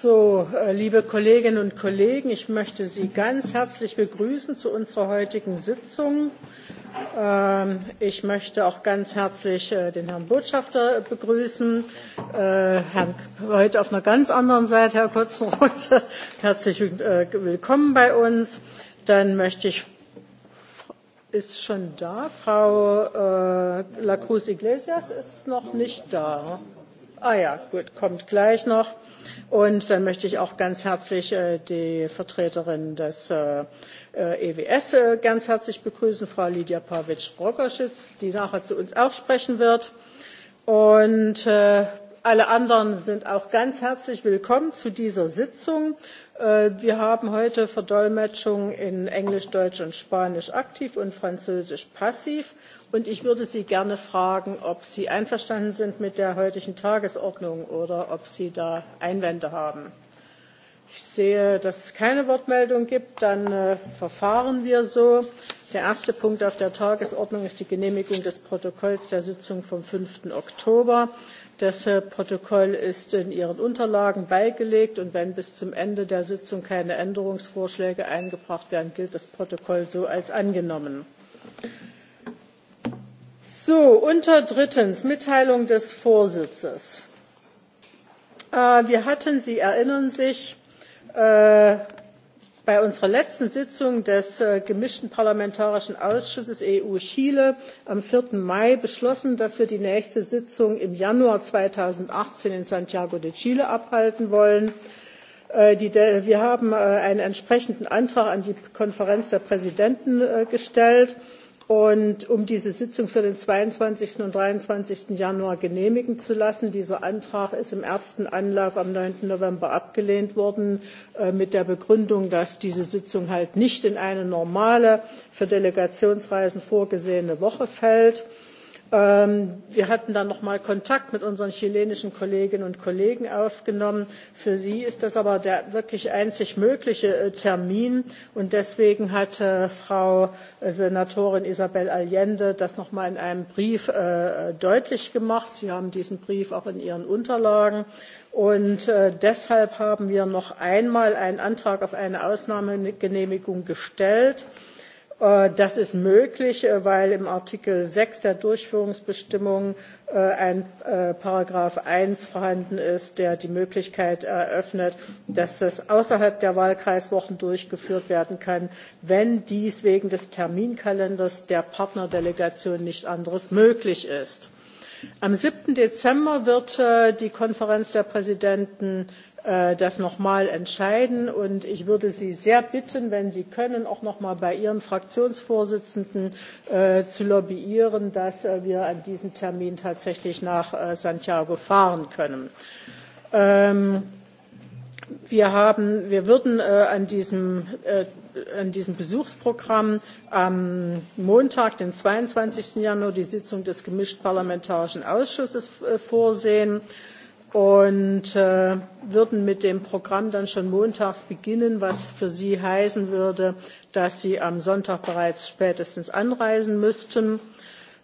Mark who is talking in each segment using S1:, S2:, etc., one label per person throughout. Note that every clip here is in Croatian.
S1: So, äh, liebe Kolleginnen und Kollegen, ich möchte Sie ganz herzlich begrüßen zu unserer heutigen Sitzung. Ähm, ich möchte auch ganz herzlich äh, den Herrn Botschafter begrüßen, äh, Herrn heute auf einer ganz anderen Seite, Herr Kurzenroth, herzlich willkommen bei uns. Dann möchte ich ist schon da, Frau Lacruz Iglesias ist noch nicht da. Ah ja, gut, kommt gleich noch. Und dann möchte ich auch ganz herzlich äh, die Vertreterin des äh, äh, EWS ganz herzlich begrüßen, Frau Lidia Pavic-Rogoschitz, die nachher zu uns auch sprechen wird. Und alle anderen sind auch ganz herzlich willkommen zu dieser Sitzung. Äh, wir haben heute Verdolmetschungen in Englisch, Deutsch und Spanisch aktiv und Französisch passiv. Und ich würde Sie gerne fragen, ob Sie einverstanden sind mit der heutigen Tagesordnung oder ob Sie da Einwände haben. Ich sehe, dass es keine Wortmeldung gibt. Dann äh, verfahren wir so. Der erste Punkt auf der Tagesordnung ist die Genehmigung des Protokolls der Sitzung vom 5. Oktober. Das Protokoll ist in Ihren Unterlagen beigelegt, und wenn bis zum Ende der Sitzung keine Änderungsvorschläge eingebracht werden, gilt das Protokoll so als angenommen. So, unter drittens Mitteilung des Vorsitzes. Äh, wir hatten, Sie erinnern sich, äh, bei unserer letzten sitzung des äh, gemischten parlamentarischen ausschusses eu chile am. vier mai beschlossen dass wir die nächste sitzung im januar zweitausendachtzehn in santiago de chile abhalten wollen. Äh, wir haben äh, einen entsprechenden antrag an die konferenz der präsidenten gestellt und um diese Sitzung für den 22. und 23. Januar genehmigen zu lassen. Dieser Antrag ist im ersten Anlauf am 9. November abgelehnt worden äh, mit der Begründung, dass diese Sitzung halt nicht in eine normale für Delegationsreisen vorgesehene Woche fällt Ähm, wir hatten dann noch mal kontakt mit unseren chilenischen kolleginnen und kollegen aufgenommen für sie ist das aber der wirklich einzig mögliche äh, termin und deswegen hat frau äh, senatorin isabel allende das noch mal in einem brief äh, deutlich gemacht sie haben diesen brief auch in ihren unterlagen und deshalb haben wir noch einmal einen antrag auf eine ausnahmegenehmigung gestellt Äh, das ist möglich, äh, weil im Artikel 6 der Durchführungsbestimmung äh, ein Paragraph 1 vorhanden ist, der die Möglichkeit eröffnet, dass das außerhalb der Wahlkreiswochen durchgeführt werden kann, wenn dies wegen des Terminkalenders der Partnerdelegation nicht anderes möglich ist. Am 7. Dezember wird die Konferenz der Präsidenten Äh, das noch mal entscheiden. Und ich würde Sie sehr bitten, wenn Sie können, auch noch mal bei Ihren Fraktionsvorsitzenden äh, zu lobbyieren, dass äh, wir an diesem Termin tatsächlich nach Santiago fahren können. Ähm, wir, haben, wir würden an diesem, an diesem Besuchsprogramm am Montag, den 22. Januar, die Sitzung des gemischt parlamentarischen Ausschusses vorsehen und äh, würden mit dem Programm dann schon montags beginnen, was für Sie heißen würde, dass Sie am Sonntag bereits spätestens anreisen müssten.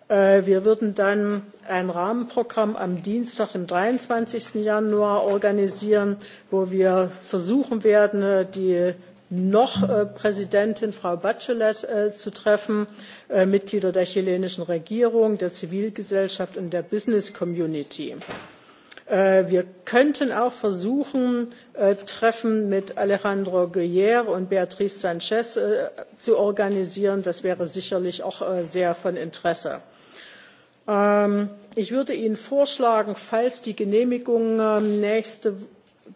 S1: Äh, wir würden dann ein Rahmenprogramm am Dienstag, dem 23. Januar, organisieren, wo wir versuchen werden, die noch äh, Präsidentin Frau Bachelet äh, zu treffen, äh, Mitglieder der chilenischen Regierung, der Zivilgesellschaft und der Business Community. Äh, wir könnten auch versuchen, äh, Treffen mit Alejandro Guerre und Beatrice Sanchez äh, zu organisieren. Das wäre sicherlich auch sehr von Interesse. Ähm, ich würde Ihnen vorschlagen, falls die Genehmigung ähm, nächste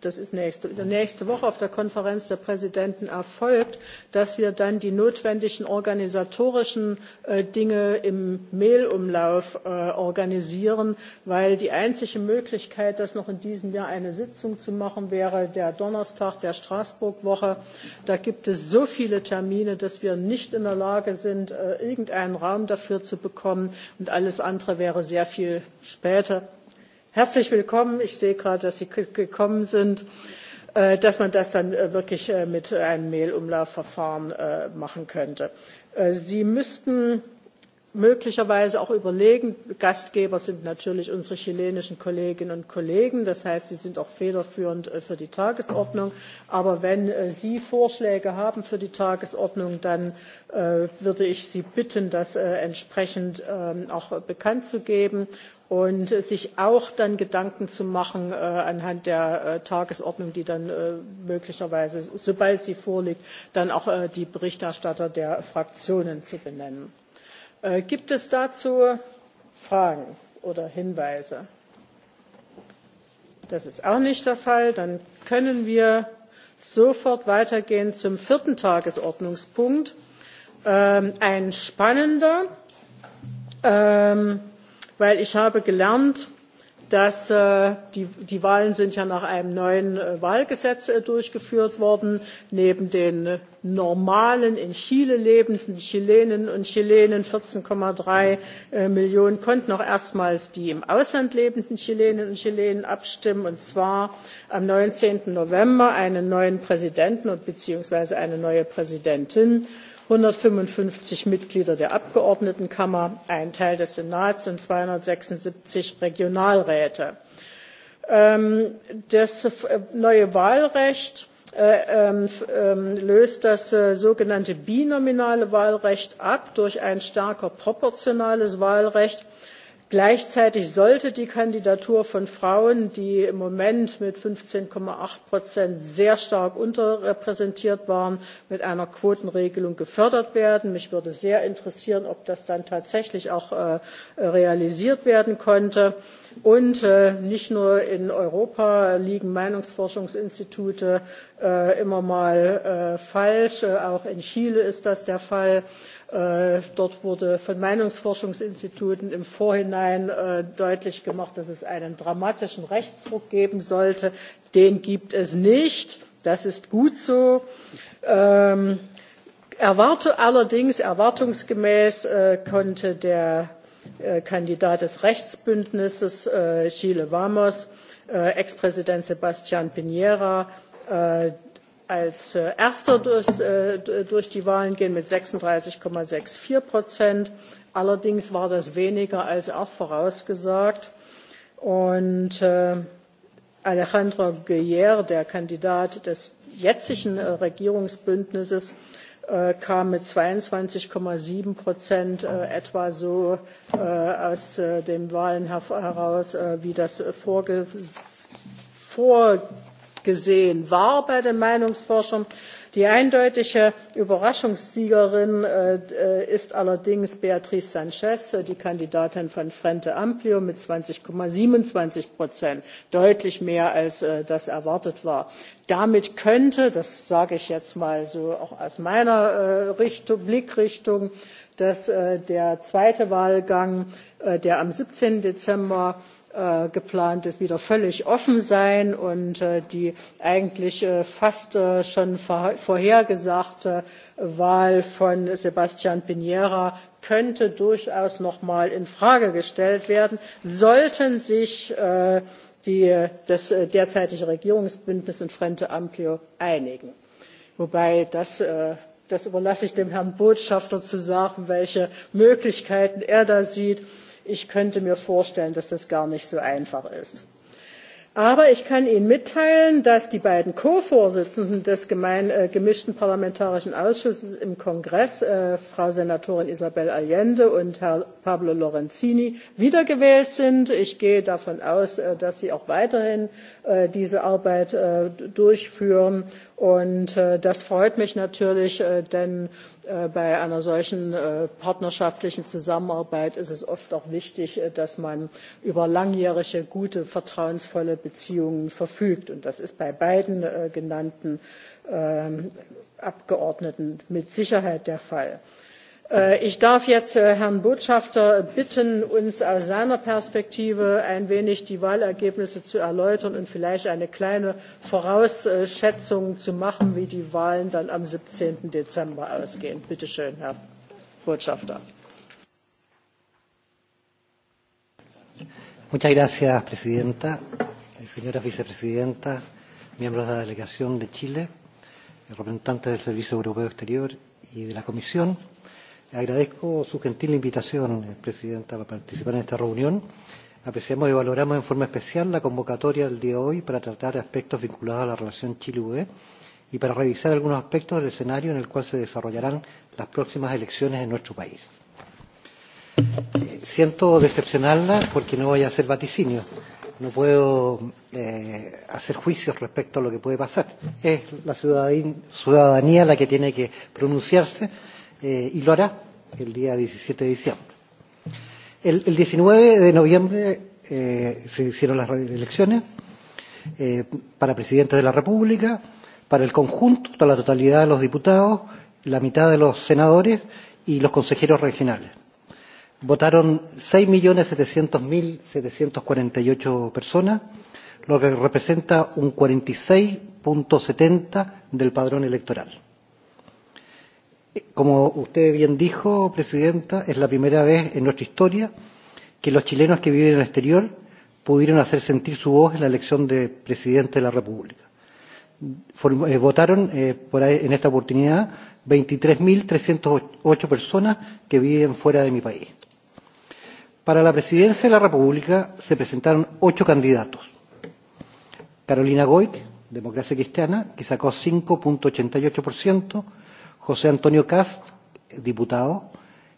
S1: das ist nächste, nächste Woche auf der Konferenz der Präsidenten erfolgt, dass wir dann die notwendigen organisatorischen äh, Dinge im Mailumlauf äh, organisieren, weil die einzige Möglichkeit, das noch in diesem Jahr eine Sitzung zu machen wäre, der Donnerstag der Straßburg-Woche. Da gibt es so viele Termine, dass wir nicht in der Lage sind, äh, irgendeinen Raum dafür zu bekommen und alles andere wäre sehr viel später herzlich willkommen. Ich sehe gerade, dass Sie gekommen sind, äh, dass man das dann äh, wirklich äh, mit einem Mehlumlaufverfahren machen könnte. Sie müssten möglicherweise auch überlegen gastgeber sind natürlich unsere chilenischen kolleginnen und kollegen das heißt sie sind auch federführend für die tagesordnung aber wenn sie vorschläge haben für die tagesordnung dann würde ich sie bitten das entsprechend ähm, auch bekannt zu geben und äh, sich auch dann Gedanken zu machen äh, anhand der äh, Tagesordnung, die dann möglicherweise, sobald sie vorliegt, dann auch die Berichterstatter der Fraktionen zu benennen. gibt es dazu Fragen oder Hinweise? Das ist auch nicht der Fall. Dann können wir sofort weitergehen zum vierten Tagesordnungspunkt. Ähm, ein spannender. Ähm, weil ich habe gelernt, dass äh, die, die Wahlen sind ja nach einem neuen äh, Wahlgesetz äh, durchgeführt worden. Neben den normalen in Chile lebenden Chilenen und Chilenen 14,3 Millionen konnten auch erstmals die im Ausland lebenden Chilenen und Chilenen abstimmen und zwar am 19. November einen neuen Präsidenten und beziehungsweise eine neue Präsidentin einhundertfünfundfünfzig mitglieder der abgeordnetenkammer ein teil des senats und zweihundertsechsundsiebzig regionalräte. Ähm, das äh, neue wahlrecht äh, ähm, ähm, löst das äh, sogenannte binominale wahlrecht ab durch ein stärker proportionales wahlrecht gleichzeitig sollte die kandidatur von frauen die im moment mit fünfzehn acht sehr stark unterrepräsentiert waren mit einer quotenregelung gefördert werden. mich würde sehr interessieren ob das dann tatsächlich auch äh, realisiert werden konnte und äh, nicht nur in europa liegen meinungsforschungsinstitute äh, immer mal falsch auch in chile ist das der fall. Äh, dort wurde von Meinungsforschungsinstituten im Vorhinein äh, deutlich gemacht, dass es einen dramatischen Rechtsruck geben sollte. Den gibt es nicht. Das ist gut so. Ähm, erwarte, allerdings erwartungsgemäß äh, konnte der äh, Kandidat des Rechtsbündnisses Chile Vamos, Ex-Präsident Sebastian Piñera, als äh, erster äh, durch, die Wahlen gehen mit 36,64 Prozent. Allerdings war das weniger als auch vorausgesagt. Und äh, Alejandro Guerre, der Kandidat des jetzigen Regierungsbündnisses, kam mit 22,7 Prozent etwa so aus den Wahlen heraus, wie das vorgesehen gesehen war bei der meinungsforschung. die eindeutige überraschungssiegerin äh, äh, ist allerdings beatriz sanchez äh, die kandidatin von frente amplio mit zwanzig siebenundzwanzig deutlich mehr als das erwartet war. damit könnte das sage ich jetzt mal so auch aus meiner blickrichtung dass der zweite wahlgang der am. siebzehn dezember Äh, geplant ist, wieder völlig offen sein und äh, die eigentlich äh, fast schon vorhergesagte Wahl von Sebastian Piniera könnte durchaus noch mal in Frage gestellt werden, sollten sich die, das derzeitige Regierungsbündnis und Frente Amplio einigen. Wobei das das überlasse ich dem Herrn Botschafter zu sagen, welche Möglichkeiten er da sieht ich könnte mir vorstellen dass das gar nicht so einfach ist. aber ich kann ihnen mitteilen dass die beiden Co vorsitzenden des gemein, äh, gemischten parlamentarischen ausschusses im kongress äh, frau senatorin isabel allende und herr pablo lorenzini wiedergewählt sind. ich gehe davon aus äh, dass sie auch weiterhin äh, diese arbeit äh, durchführen Und äh, das freut mich natürlich, äh, denn äh, bei einer solchen partnerschaftlichen Zusammenarbeit ist es oft auch wichtig, dass man über langjährige, gute, vertrauensvolle Beziehungen verfügt. Und das ist bei beiden genannten ähm, Abgeordneten mit Sicherheit der Fall. Äh, ich darf jetzt äh, Herrn Botschafter bitten, uns aus seiner Perspektive ein wenig die Wahlergebnisse zu erläutern und vielleicht eine kleine Vorausschätzung zu machen, wie die Wahlen dann am 17. Dezember ausgehen. Bitte schön, Herr Botschafter.
S2: Muchas gracias, Presidenta, señora Vicepresidenta, miembros de la Delegación de Chile, representantes del Servicio Europeo Exterior y de la Comisión. Agradezco su gentil invitación, eh, Presidenta, para participar en esta reunión. Apreciamos y valoramos en forma especial la convocatoria del día de hoy para tratar aspectos vinculados a la relación Chile-UE y para revisar algunos aspectos del escenario en el cual se desarrollarán las próximas elecciones en nuestro país. Eh, siento decepcionarla porque no voy a hacer vaticinio, no puedo eh, hacer juicios respecto a lo que puede pasar. Es la ciudadanía la que tiene que pronunciarse eh, y lo hará el día 17 de diciembre. El, el 19 de noviembre eh, se hicieron las elecciones eh, para Presidente de la República, para el conjunto, para la totalidad de los diputados, la mitad de los senadores y los consejeros regionales. Votaron 6.700.748 personas, lo que representa un 46.70 del padrón electoral. Como usted bien dijo, Presidenta, es la primera vez en nuestra historia que los chilenos que viven en el exterior pudieron hacer sentir su voz en la elección de presidente de la República. Eh, votaron eh, por ahí, en esta oportunidad 23.308 personas que viven fuera de mi país. Para la presidencia de la República se presentaron ocho candidatos. Carolina Goic, Democracia Cristiana, que sacó 5.88%, José Antonio Cast, diputado,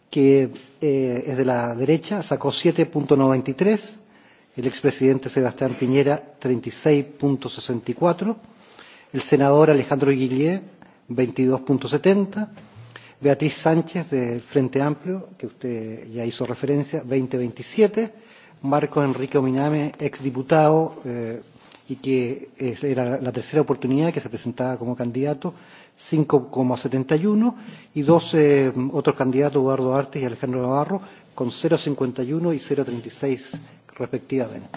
S2: que eh, es de la derecha, sacó 7.93, el expresidente Sebastián Piñera 36.64, el senador Alejandro Guillier 22.70, Beatriz Sánchez del Frente Amplio, que usted ya hizo referencia, 20.27, Marco Enrique Ominame, exdiputado, eh, y que era la tercera oportunidad que se presentaba como candidato, 5,71 y dos eh, mm, otros candidatos, Eduardo Artes y Alejandro Navarro, con 0,51 y 0,36 respectivamente.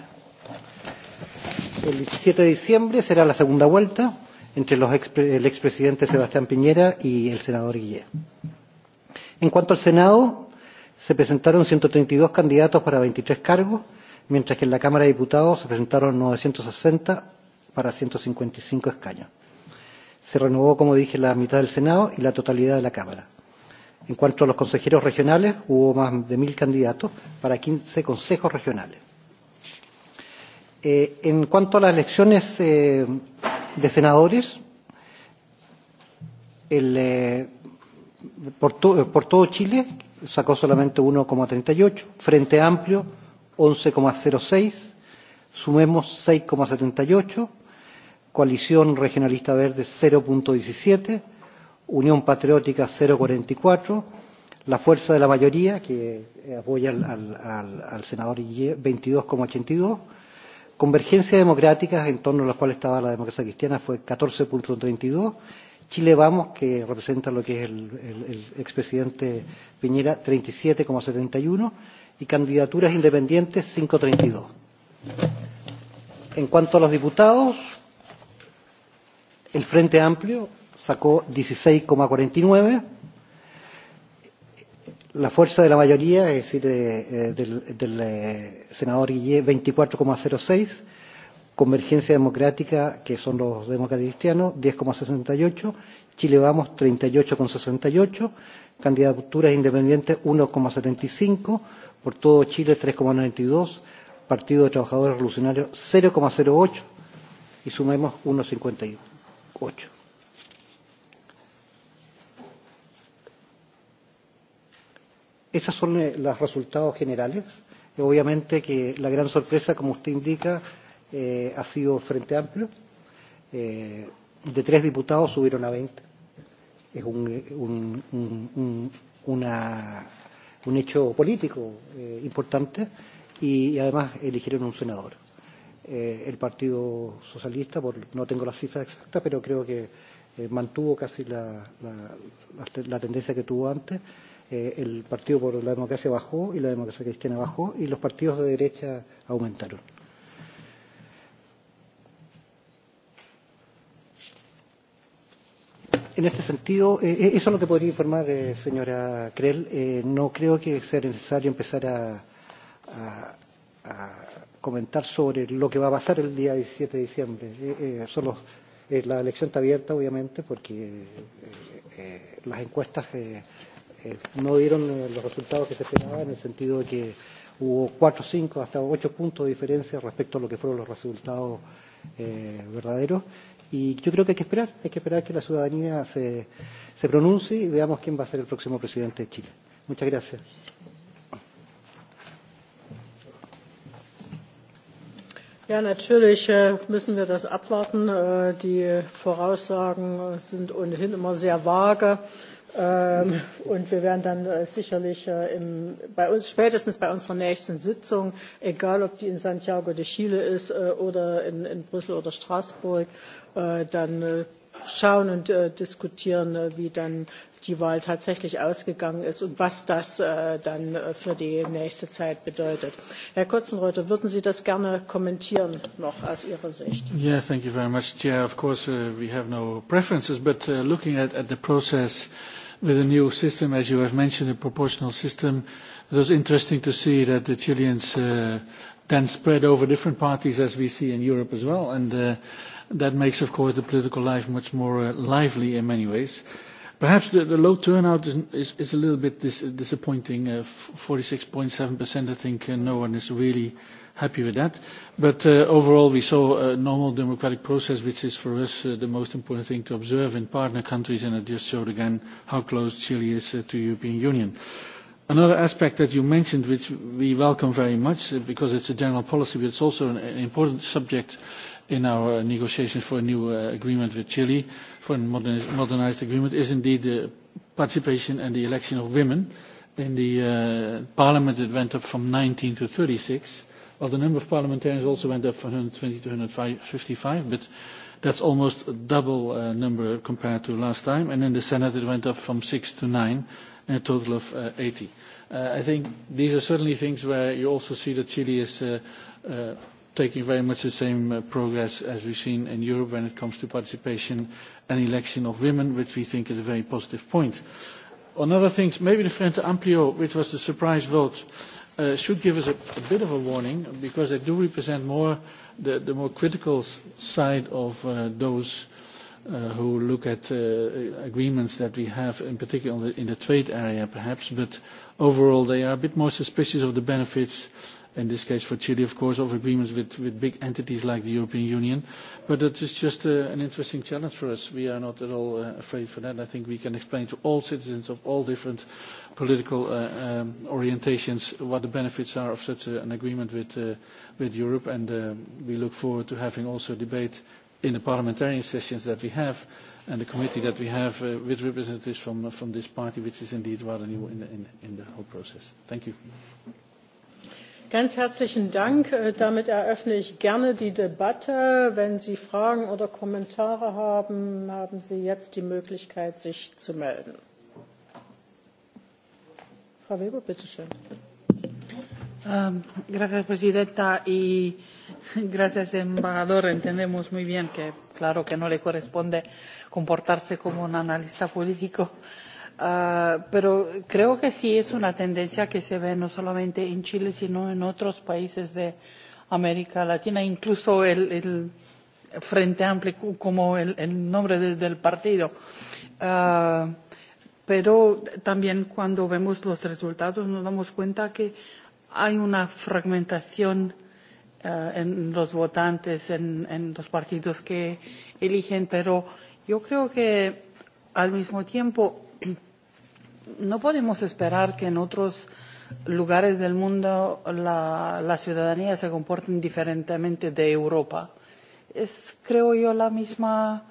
S2: El 17 de diciembre será la segunda vuelta entre los ex, el expresidente Sebastián Piñera y el senador Guillé. En cuanto al Senado, se presentaron 132 candidatos para 23 cargos, mientras que en la Cámara de Diputados se presentaron 960 para 155 escaños se renovó, como dije, la mitad del Senado y la totalidad de la Cámara. En cuanto a los consejeros regionales, hubo más de mil candidatos para 15 consejos regionales. Eh, en cuanto a las elecciones eh, de senadores, el, eh, por, to, por todo Chile sacó solamente 1,38, Frente Amplio 11,06, Sumemos 6,78, Coalición Regionalista Verde 0.17, Unión Patriótica 0.44, la Fuerza de la Mayoría, que eh, apoya al, al, al senador 22.82, Convergencia Democrática, en torno a la cual estaba la democracia cristiana, fue 14.32, Chile Vamos, que representa lo que es el, el, el expresidente Piñera, 37,71, y candidaturas independientes, 5,32. En cuanto a los diputados, El Frente Amplio sacó 16,49. La fuerza de la mayoría, es decir, eh, eh, del, del eh, senador Guillé, 24,06. Convergencia Democrática, que son los demócratas cristianos, 10,68. Chile Vamos, 38,68. Candidaturas independientes, 1,75. Por todo Chile, 3,92. Partido de Trabajadores Revolucionarios, 0,08. Y sumemos 1,51. 8. Esos son eh, los resultados generales. Eh, obviamente que la gran sorpresa, como usted indica, eh, ha sido Frente Amplio. Eh, de tres diputados subieron a 20. Es un, un, un, un, una, un hecho político eh, importante y, y además eligieron un senador eh, el Partido Socialista, por, no tengo la cifra exactas, pero creo que eh, mantuvo casi la, la, la tendencia que tuvo antes. Eh, el Partido por la Democracia bajó y la Democracia Cristiana bajó y los partidos de derecha aumentaron. En este sentido, eh, eh eso es lo que podría informar, eh, señora Krell. Eh, no creo que sea necesario empezar a, a comentar sobre lo que va a pasar el día 17 de diciembre. Eh, eh, solo, eh, la elección está abierta, obviamente, porque eh, eh, las encuestas eh, eh, no dieron eh, los resultados que se esperaban, en el sentido de que hubo cuatro, cinco, hasta ocho puntos de diferencia respecto a lo que fueron los resultados eh, verdaderos. Y yo creo que hay que esperar, hay que esperar que la ciudadanía se, se pronuncie y veamos quién va a ser el próximo presidente de Chile. Muchas gracias.
S1: Ja, natürlich äh, müssen wir das abwarten. Äh, die Voraussagen sind ohnehin immer sehr vage. Ähm, und wir werden dann äh, sicherlich im, bei uns, spätestens bei unserer nächsten Sitzung, egal ob die in Santiago de Chile ist oder in, in Brüssel oder Straßburg, dann schauen und diskutieren, wie dann die Wahl tatsächlich ausgegangen ist und was das äh, dann äh, für die nächste Zeit bedeutet. Herr kotzenreuter würden Sie das gerne kommentieren noch aus Ihrer Sicht?
S3: Yeah, thank you very much, Chair. Of course, uh, we have no preferences, but uh, looking at, at the process with a new system, as you have mentioned, a proportional system, it was interesting to see that the Chileans uh, then spread over different parties as we see in Europe as well. And uh, that makes, of course, the political life much more uh, lively in many ways. Perhaps the, the low turnout is, is, a little bit disappointing. 46.7%, uh, I think uh, no one is really happy with that. But uh, overall, we saw a normal democratic process, which is for us the most important thing to observe in partner countries, and it just showed again how close Chile is to the European Union. Another aspect that you mentioned, which we welcome very much because it's a general policy, but it's also an important subject in our negotiations for a new uh, agreement with Chile, for a modernized agreement, is indeed the participation and the election of women in the uh, parliament. It went up from 19 to 36, while the number of parliamentarians also went up from 120 to 155, but that's almost a double uh, number compared to last time. And in the Senate, it went up from six to nine, and a total of 80. I think these are certainly things where you also see that Chile is taking very much the same uh, progress as we've seen in Europe when it comes to participation and election of women, which we think is a very positive point. On other things, maybe the Frente Amplio, which was the surprise vote, uh, should give us a, a bit of a warning because they do represent more the, the more critical side of uh, those who look at agreements that we have, in particular in the, in the trade area perhaps, but overall they are a bit more suspicious of the benefits in this case for Chile, of course, of agreements with, with big entities like the European Union. But it is just uh, an interesting challenge for us. We are not at all uh, afraid for that. I think we can explain to all citizens of all different political uh, um, orientations what the benefits are of such a, uh, an agreement with, uh, with Europe. And uh, we look forward to having also a debate in the parliamentarian sessions that we have and the committee that we have with representatives from, from this party, which is indeed rather new in the, in, in the whole process. Thank you.
S1: Ganz herzlichen Dank. Äh, damit eröffne ich gerne die Debatte. Wenn Sie Fragen oder Kommentare haben, haben Sie jetzt die Möglichkeit, sich zu melden. Frau Weber, bitte schön.
S4: Ähm, gracias, Presidenta. Y gracias, embajador. Entendemos muy bien que, claro, que no le corresponde comportarse como un analista político Ah, pero creo que sí es una tendencia que se ve no solamente en Chile, sino en otros países de América Latina, incluso el, el Frente Amplio como el, el nombre de, del partido. Uh, pero también cuando vemos los resultados nos damos cuenta que hay una fragmentación uh, en los votantes, en, en los partidos que eligen, pero yo creo que al mismo tiempo no podemos esperar que en otros lugares del mundo la, la ciudadanía se comporte diferentemente de Europa. Es, creo yo, la misma,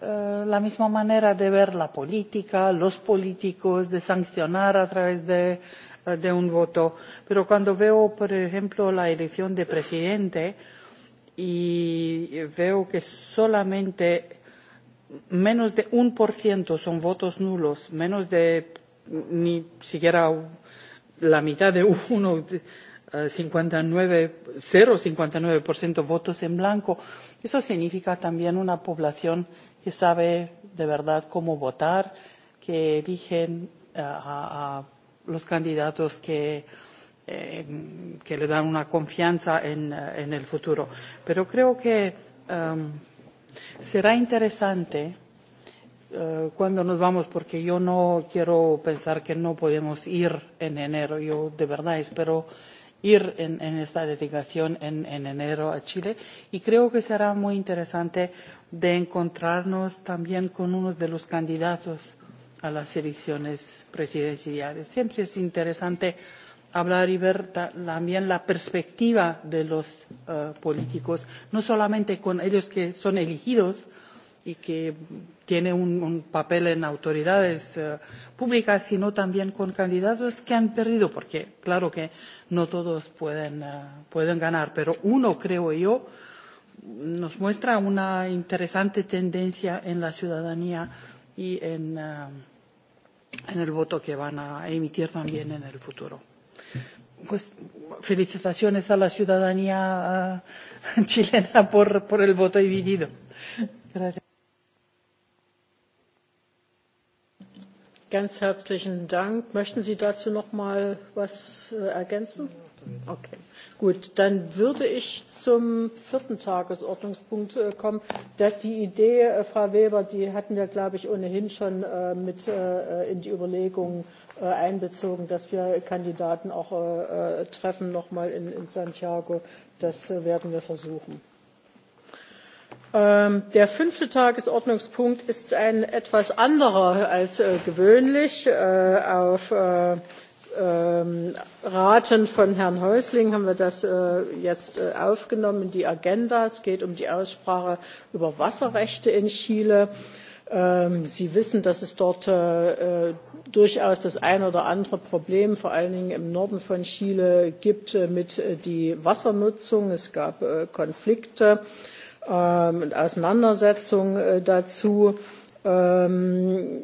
S4: eh, la misma manera de ver la política, los políticos, de sancionar a través de, eh, de un voto. Pero cuando veo, por ejemplo, la elección de presidente y veo que solamente menos de un por ciento son votos nulos, menos de ni siquiera la mitad de uno, 59, eh, 0,59% votos en blanco. Eso significa también una población que sabe de verdad cómo votar, que eligen eh, a, los candidatos que, eh, que le dan una confianza en, el futuro. Pero creo que será interesante cuando eh, cuándo nos vamos, porque yo no quiero pensar que no podemos ir en enero. Yo de verdad espero ir en, esta delegación en, enero a Chile y creo que será muy interesante de encontrarnos también con uno de los candidatos a las elecciones presidenciales. Siempre es interesante hablar y ver también la perspectiva de los eh, políticos, no solamente con ellos que son elegidos, y que tiene un, un papel en autoridades eh, públicas, sino también con candidatos que han perdido, porque claro que no todos pueden, eh, pueden ganar, pero uno, creo yo, nos muestra una interesante tendencia en la ciudadanía y en, eh, en el voto que van a emitir también en el futuro. Pues felicitaciones a la ciudadanía chilena por, por el voto dividido. Gracias.
S1: Ganz herzlichen Dank. Möchten Sie dazu noch mal was äh, ergänzen? Okay. Gut, dann würde ich zum vierten Tagesordnungspunkt äh, kommen. Die Idee, äh, Frau Weber, die hatten wir, glaube ich, ohnehin schon mit in die Überlegungen einbezogen, dass wir Kandidaten auch treffen, mal in Santiago. Das werden wir versuchen. Ähm, der fünfte Tagesordnungspunkt ist ein etwas anderer als äh, gewöhnlich. Äh, auf äh, ähm, Raten von Herrn Häusling haben wir das jetzt aufgenommen in die Agenda. Es geht um die Aussprache über Wasserrechte in Chile. Ähm, Sie wissen, dass es dort durchaus das eine oder andere Problem, vor allen Dingen im Norden von Chile, gibt mit der Wassernutzung. Es gab Konflikte und ähm, Auseinandersetzung äh, dazu. Ähm,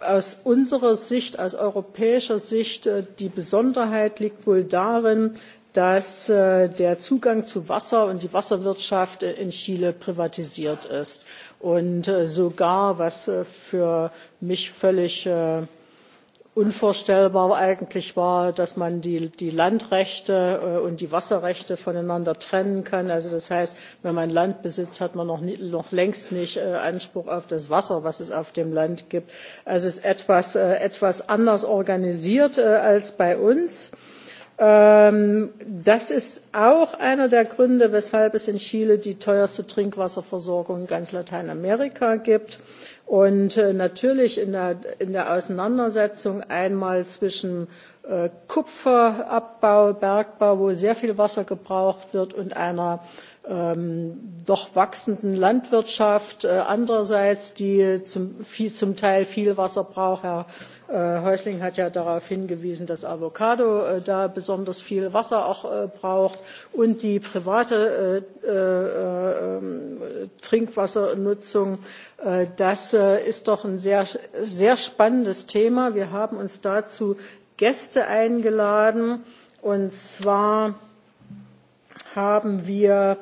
S1: aus unserer Sicht, aus europäischer Sicht, äh, die Besonderheit liegt wohl darin, dass äh, der Zugang zu Wasser und die Wasserwirtschaft in Chile privatisiert ist. Und sogar, was für mich völlig unvorstellbar eigentlich war dass man die, die landrechte äh, und die wasserrechte voneinander trennen kann also das heißt wenn man land besitzt hat man noch, noch längst nicht äh, anspruch auf das wasser was es auf dem land gibt. es ist etwas, äh, etwas anders organisiert als bei uns. Ähm, das ist auch einer der gründe weshalb es in chile die teuerste trinkwasserversorgung in ganz lateinamerika gibt Und äh, natürlich in der, in der Auseinandersetzung einmal zwischen Äh, Kupferabbau, Bergbau, wo sehr viel Wasser gebraucht wird und einer ähm, doch wachsenden Landwirtschaft, äh, andererseits die zum, viel, zum Teil viel Wasser braucht. Herr äh, Häusling hat ja darauf hingewiesen, dass Avocado da besonders viel Wasser auch braucht und die private ähm, Trinkwassernutzung. Das ist doch ein sehr, sehr spannendes Thema. Wir haben uns dazu Gäste eingeladen. Und zwar haben wir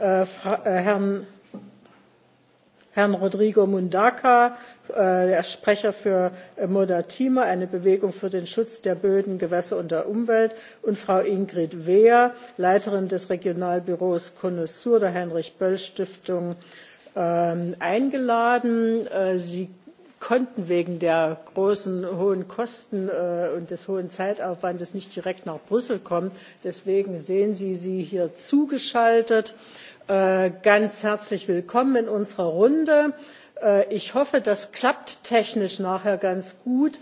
S1: äh, äh, Herrn, Herrn Rodrigo Mundaka, äh, der Sprecher für äh, Modatima, eine Bewegung für den Schutz der Böden, Gewässer und der Umwelt, und Frau Ingrid Wehr, Leiterin des Regionalbüros Connoisseur der Heinrich-Böll-Stiftung, ähm, eingeladen. Äh, sie konnten wegen der großen hohen kosten äh, und des hohen zeitaufwandes nicht direkt nach brüssel kommen. deswegen sehen sie sie hier zugeschaltet äh, ganz herzlich willkommen in unserer runde. Äh, ich hoffe das klappt technisch nachher ganz gut.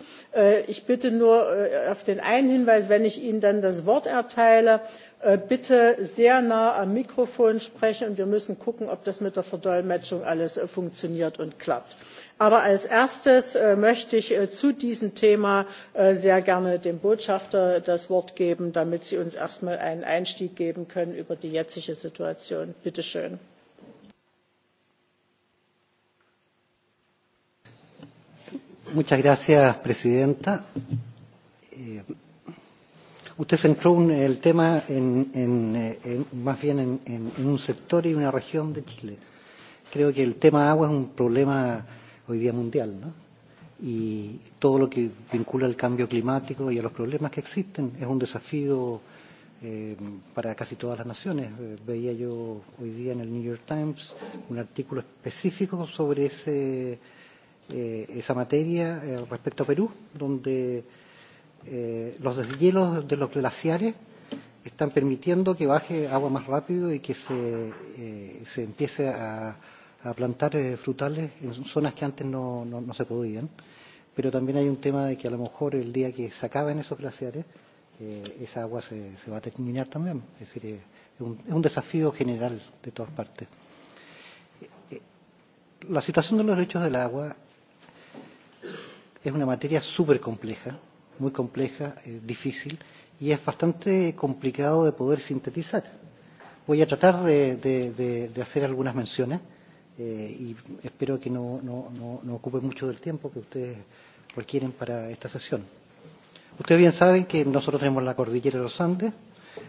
S1: ich bitte nur auf den einen hinweis wenn ich ihnen dann das wort erteile bitte sehr nah am mikrofon sprechen und wir müssen gucken ob das mit der verdolmetschung alles funktioniert und klappt. Aber als erstes äh, möchte ich äh, zu diesem Thema äh, sehr gerne dem Botschafter das Wort geben, damit Sie uns erst einmal einen Einstieg geben können über die jetzige Situation. Bitte schön.
S2: Muchas gracias, Presidenta. Eh, usted centró en el tema en, en, eh, en, más bien en, en, en un sector y una región de Chile. Creo que el tema agua es un problema hoy día mundial, ¿no? Y todo lo que vincula al cambio climático y a los problemas que existen es un desafío eh, para casi todas las naciones. Eh, veía yo hoy día en el New York Times un artículo específico sobre ese, eh, esa materia eh, respecto a Perú, donde eh, los deshielos de los glaciares están permitiendo que baje agua más rápido y que se, eh, se empiece a a plantar eh, frutales en zonas que antes no, no, no se podían. Pero también hay un tema de que a lo mejor el día que se acaben esos glaciares, eh, esa agua se, se va a terminar también. Es decir, eh, es, un, es un desafío general de todas partes. Eh, eh, la situación de los derechos del agua es una materia súper compleja, muy compleja, eh, difícil, y es bastante complicado de poder sintetizar. Voy a tratar de, de, de, de hacer algunas menciones eh, y espero que no, no, no, no ocupe mucho del tiempo que ustedes requieren para esta sesión. Ustedes bien saben que nosotros tenemos la cordillera de los Andes,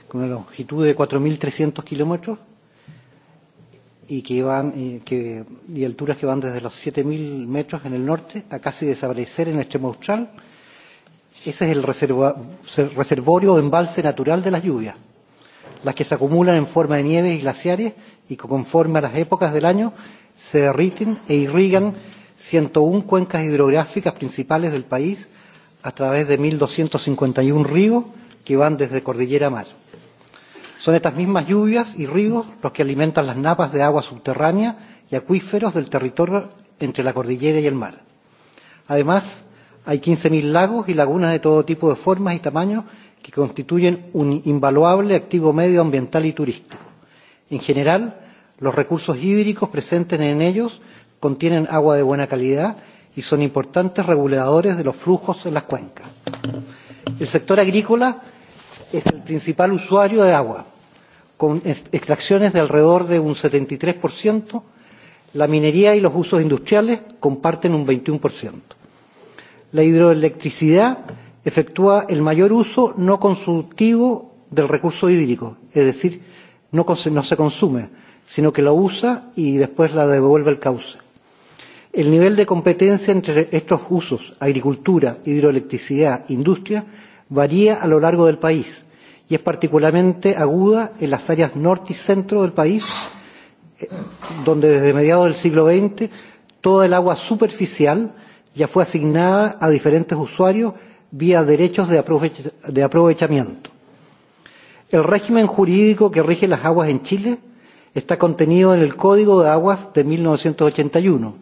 S2: con una longitud de 4.300 kilómetros y, que van, eh, que, y alturas que van desde los 7.000 metros en el norte a casi desaparecer en el extremo austral. Ese es el reservorio o embalse natural de las lluvias las que se acumulan en forma de nieves y glaciares y que conforme a las épocas del año se derriten e irrigan 101 cuencas hidrográficas principales del país a través de 1.251 ríos que van desde Cordillera a Mar. Son estas mismas lluvias y ríos los que alimentan las napas de agua subterránea y acuíferos del territorio entre la cordillera y el mar. Además, hay 15.000 lagos y lagunas de todo tipo de formas y tamaños que constituyen un invaluable activo medioambiental y turístico. En general, Los recursos hídricos presentes en ellos contienen agua de buena calidad y son importantes reguladores de los flujos en las cuencas. El sector agrícola es el principal usuario de agua, con extracciones de alrededor de un 73%, la minería y los usos industriales comparten un 21%. La hidroelectricidad efectúa el mayor uso no consultivo del recurso hídrico, es decir, no, no se consume, sino que la usa y después la devuelve al cauce. El nivel de competencia entre estos usos, agricultura, hidroelectricidad, industria, varía a lo largo del país y es particularmente aguda en las áreas norte y centro del país, eh, donde desde mediados del siglo XX toda el agua superficial ya fue asignada a diferentes usuarios vía derechos de, de aprovechamiento. El régimen jurídico que rige las aguas en Chile está contenido en el Código de Aguas de 1981,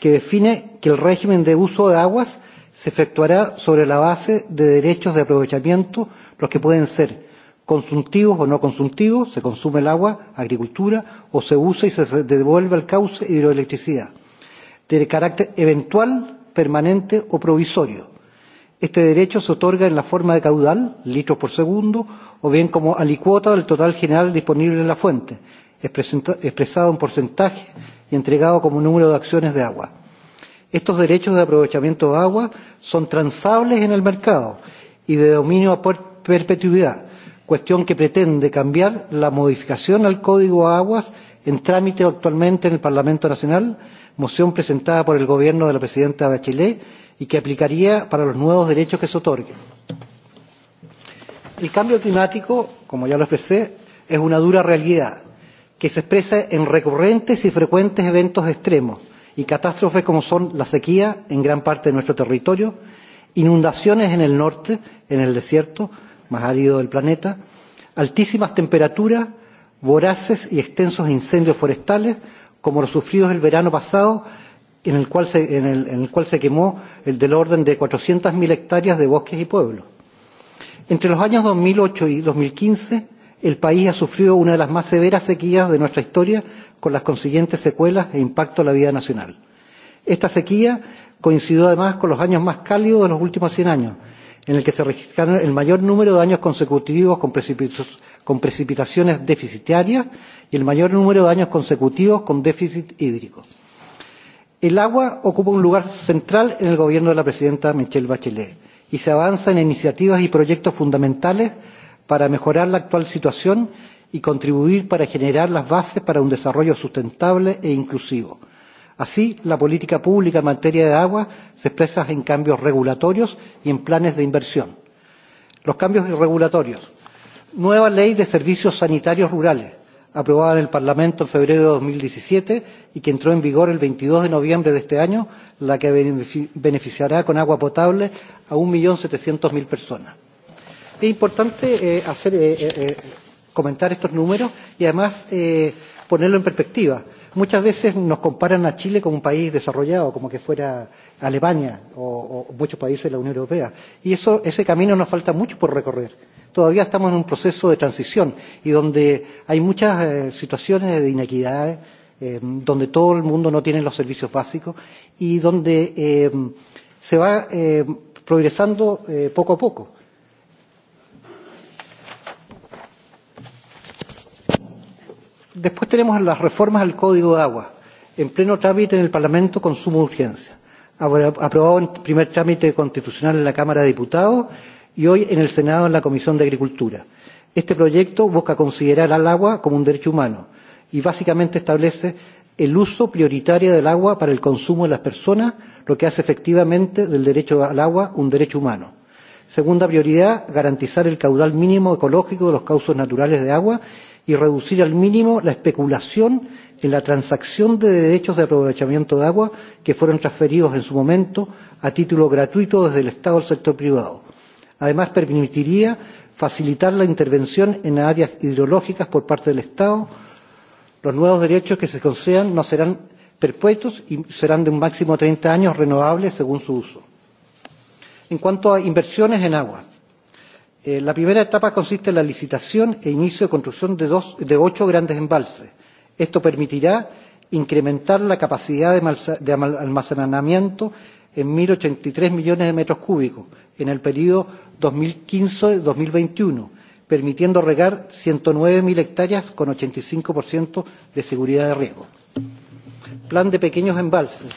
S2: que define que el régimen de uso de aguas se efectuará sobre la base de derechos de aprovechamiento, los que pueden ser consultivos o no consultivos, se consume el agua, agricultura, o se usa y se devuelve al cauce hidroelectricidad, de carácter eventual, permanente o provisorio. Este derecho se otorga en la forma de caudal, litros por segundo, o bien como alicuota del total general disponible en la fuente, expresado en porcentaje y entregado como número de acciones de agua. Estos derechos de aprovechamiento de agua son transables en el mercado y de dominio a perpetuidad, cuestión que pretende cambiar la modificación al Código de Aguas en trámite actualmente en el Parlamento Nacional, moción presentada por el gobierno de la presidenta Bachelet y que aplicaría para los nuevos derechos que se otorguen. El cambio climático, como ya lo expresé, es una dura realidad que se expresa en recurrentes y frecuentes eventos extremos y catástrofes como son la sequía en gran parte de nuestro territorio, inundaciones en el norte, en el desierto más árido del planeta, altísimas temperaturas, voraces y extensos incendios forestales, como los sufridos el verano pasado, en el cual se, en el, en el cual se quemó el del orden de 400.000 hectáreas de bosques y pueblos. Entre los años 2008 y 2015, el país ha sufrido una de las más severas sequías de nuestra historia con las consiguientes secuelas e impacto en la vida nacional. Esta sequía coincidió además con los años más cálidos de los últimos 100 años, en el que se registraron el mayor número de años consecutivos con, precipit con precipitaciones deficitarias y el mayor número de años consecutivos con déficit hídrico. El agua ocupa un lugar central en el gobierno de la presidenta Michelle Bachelet y se avanza en iniciativas y proyectos fundamentales para mejorar la actual situación y contribuir para generar las bases para un desarrollo sustentable e inclusivo. Así, la política pública en materia de agua se expresa en cambios regulatorios y en planes de inversión. Los cambios regulatorios. Nueva ley de servicios sanitarios rurales, aprobada en el Parlamento en febrero de 2017 y que entró en vigor el 22 de noviembre de este año, la que beneficiará con agua potable a 1.700.000 personas Es importante eh, hacer, eh, eh, eh, comentar estos números y además eh, ponerlo en perspectiva. Muchas veces nos comparan a Chile con un país desarrollado, como que fuera Alemania o, o muchos países de la Unión Europea. Y eso, ese camino nos falta mucho por recorrer. Todavía estamos en un proceso de transición y donde hay muchas eh, situaciones de inequidades, eh, donde todo el mundo no tiene los servicios básicos y donde eh, se va eh, progresando eh, poco a poco Después tenemos las reformas al Código de Agua, en pleno trámite en el Parlamento con suma urgencia, aprobado en primer trámite constitucional en la Cámara de Diputados y hoy en el Senado en la Comisión de Agricultura. Este proyecto busca considerar al agua como un derecho humano y básicamente establece el uso prioritario del agua para el consumo de las personas, lo que hace efectivamente del derecho al agua un derecho humano. Segunda prioridad, garantizar el caudal mínimo ecológico de los cauces naturales de agua y reducir al mínimo la especulación en la transacción de derechos de aprovechamiento de agua que fueron transferidos en su momento a título gratuito desde el Estado al sector privado. Además, permitiría facilitar la intervención en áreas hidrológicas por parte del Estado. Los nuevos derechos que se concedan no serán perpetuos y serán de un máximo de 30 años renovables según su uso. En cuanto a inversiones en agua, Eh, la primera etapa consiste en la licitación e inicio de construcción de, dos, de ocho grandes embalses. Esto permitirá incrementar la capacidad de, de almacenamiento en 1.083 millones de metros cúbicos en el periodo 2015-2021, permitiendo regar 109.000 hectáreas con 85% de seguridad de riego. Plan de pequeños embalses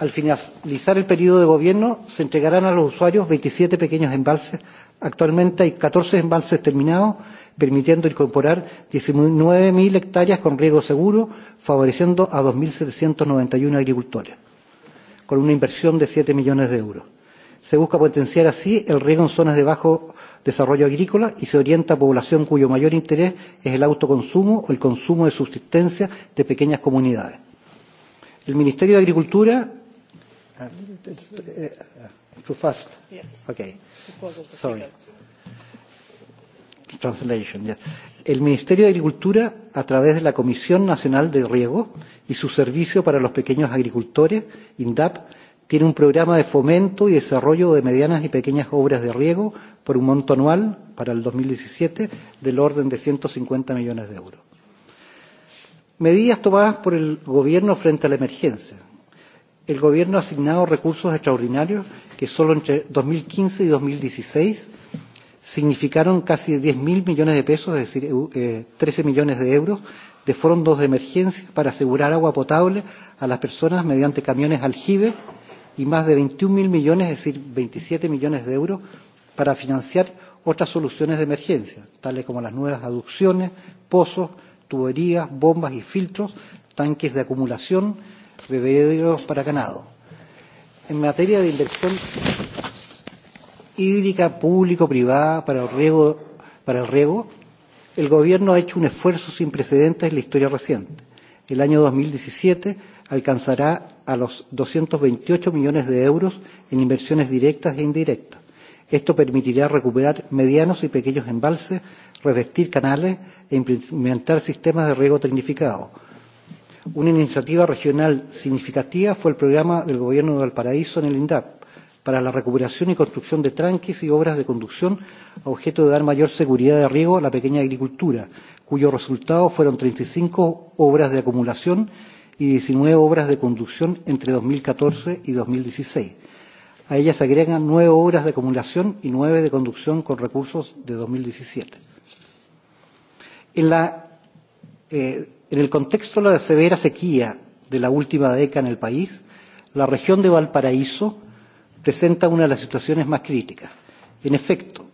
S2: Al finalizar el periodo de gobierno, se entregarán a los usuarios 27 pequeños embalses. Actualmente hay 14 embalses terminados, permitiendo incorporar 19.000 hectáreas con riego seguro, favoreciendo a 2.791 agricultores, con una inversión de 7 millones de euros. Se busca potenciar así el riego en zonas de bajo desarrollo agrícola y se orienta a población cuyo mayor interés es el autoconsumo o el consumo de subsistencia de pequeñas comunidades. El Ministerio de Agricultura Uh, too fast? Yes. Okay. Sorry. Translation, yes. El Ministerio de Agricultura, a través de la Comisión Nacional de Riego y su Servicio para los Pequeños Agricultores, INDAP, tiene un programa de fomento y desarrollo de medianas y pequeñas obras de riego por un monto anual para el 2017 del orden de 150 millones de euros. Medidas tomadas por el Gobierno frente a la emergencia el Gobierno ha asignado recursos extraordinarios que solo entre 2015 y 2016 significaron casi 10.000 millones de pesos, es decir, eh, 13 millones de euros, de fondos de emergencia para asegurar agua potable a las personas mediante camiones aljibe y más de 21.000 millones, es decir, 27 millones de euros, para financiar otras soluciones de emergencia, tales como las nuevas aducciones, pozos, tuberías, bombas y filtros, tanques de acumulación, bebederos para ganado. En materia de inversión hídrica público-privada para el riego, para el riego, el gobierno ha hecho un esfuerzo sin precedentes en la historia reciente. El año 2017 alcanzará a los 228 millones de euros en inversiones directas e indirectas. Esto permitirá recuperar medianos y pequeños embalses, revestir canales e implementar sistemas de riego tecnificado, Una iniciativa regional significativa fue el programa del Gobierno de Valparaíso en el INDAP para la recuperación y construcción de tranques y obras de conducción a objeto de dar mayor seguridad de riego a la pequeña agricultura, cuyos resultados fueron 35 obras de acumulación y 19 obras de conducción entre 2014 y 2016. A ellas se agregan 9 obras de acumulación y 9 de conducción con recursos de 2017. En la eh, En el contexto de la severa sequía de la última década en el país, la región de Valparaíso presenta una de las situaciones más críticas. En efecto,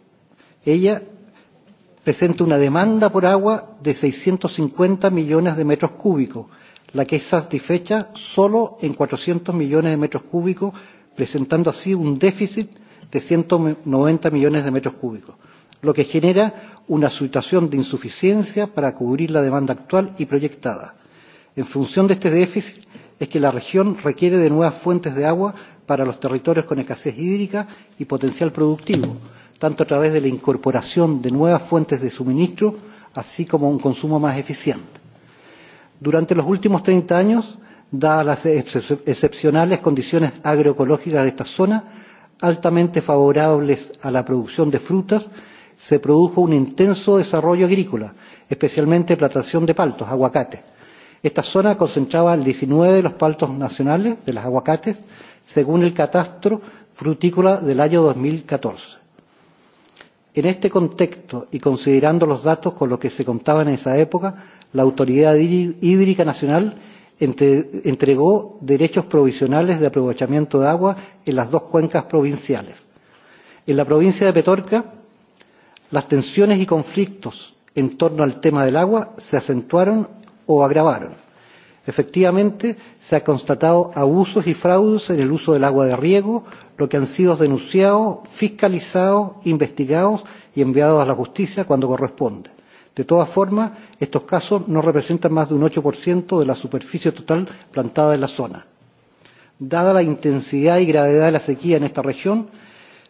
S2: ella presenta una demanda por agua de 650 millones de metros cúbicos, la que es satisfecha solo en 400 millones de metros cúbicos, presentando así un déficit de 190 millones de metros cúbicos lo que genera una situación de insuficiencia para cubrir la demanda actual y proyectada. En función de este déficit es que la región requiere de nuevas fuentes de agua para los territorios con escasez hídrica y potencial productivo, tanto a través de la incorporación de nuevas fuentes de suministro, así como un consumo más eficiente. Durante los últimos 30 años, dadas las excepcionales condiciones agroecológicas de esta zona, altamente favorables a la producción de frutas se produjo un intenso desarrollo agrícola, especialmente plantación de paltos, aguacate. Esta zona concentraba el 19 de los paltos nacionales de los aguacates, según el catastro frutícola del año 2014. En este contexto y considerando los datos con los que se contaban en esa época, la Autoridad Hídrica Nacional entregó derechos provisionales de aprovechamiento de agua en las dos cuencas provinciales. En la provincia de Petorca las tensiones y conflictos en torno al tema del agua se acentuaron o agravaron. Efectivamente, se han constatado abusos y fraudes en el uso del agua de riego, lo que han sido denunciados, fiscalizados, investigados y enviados a la justicia cuando corresponde. De todas formas, estos casos no representan más de un 8% de la superficie total plantada en la zona. Dada la intensidad y gravedad de la sequía en esta región,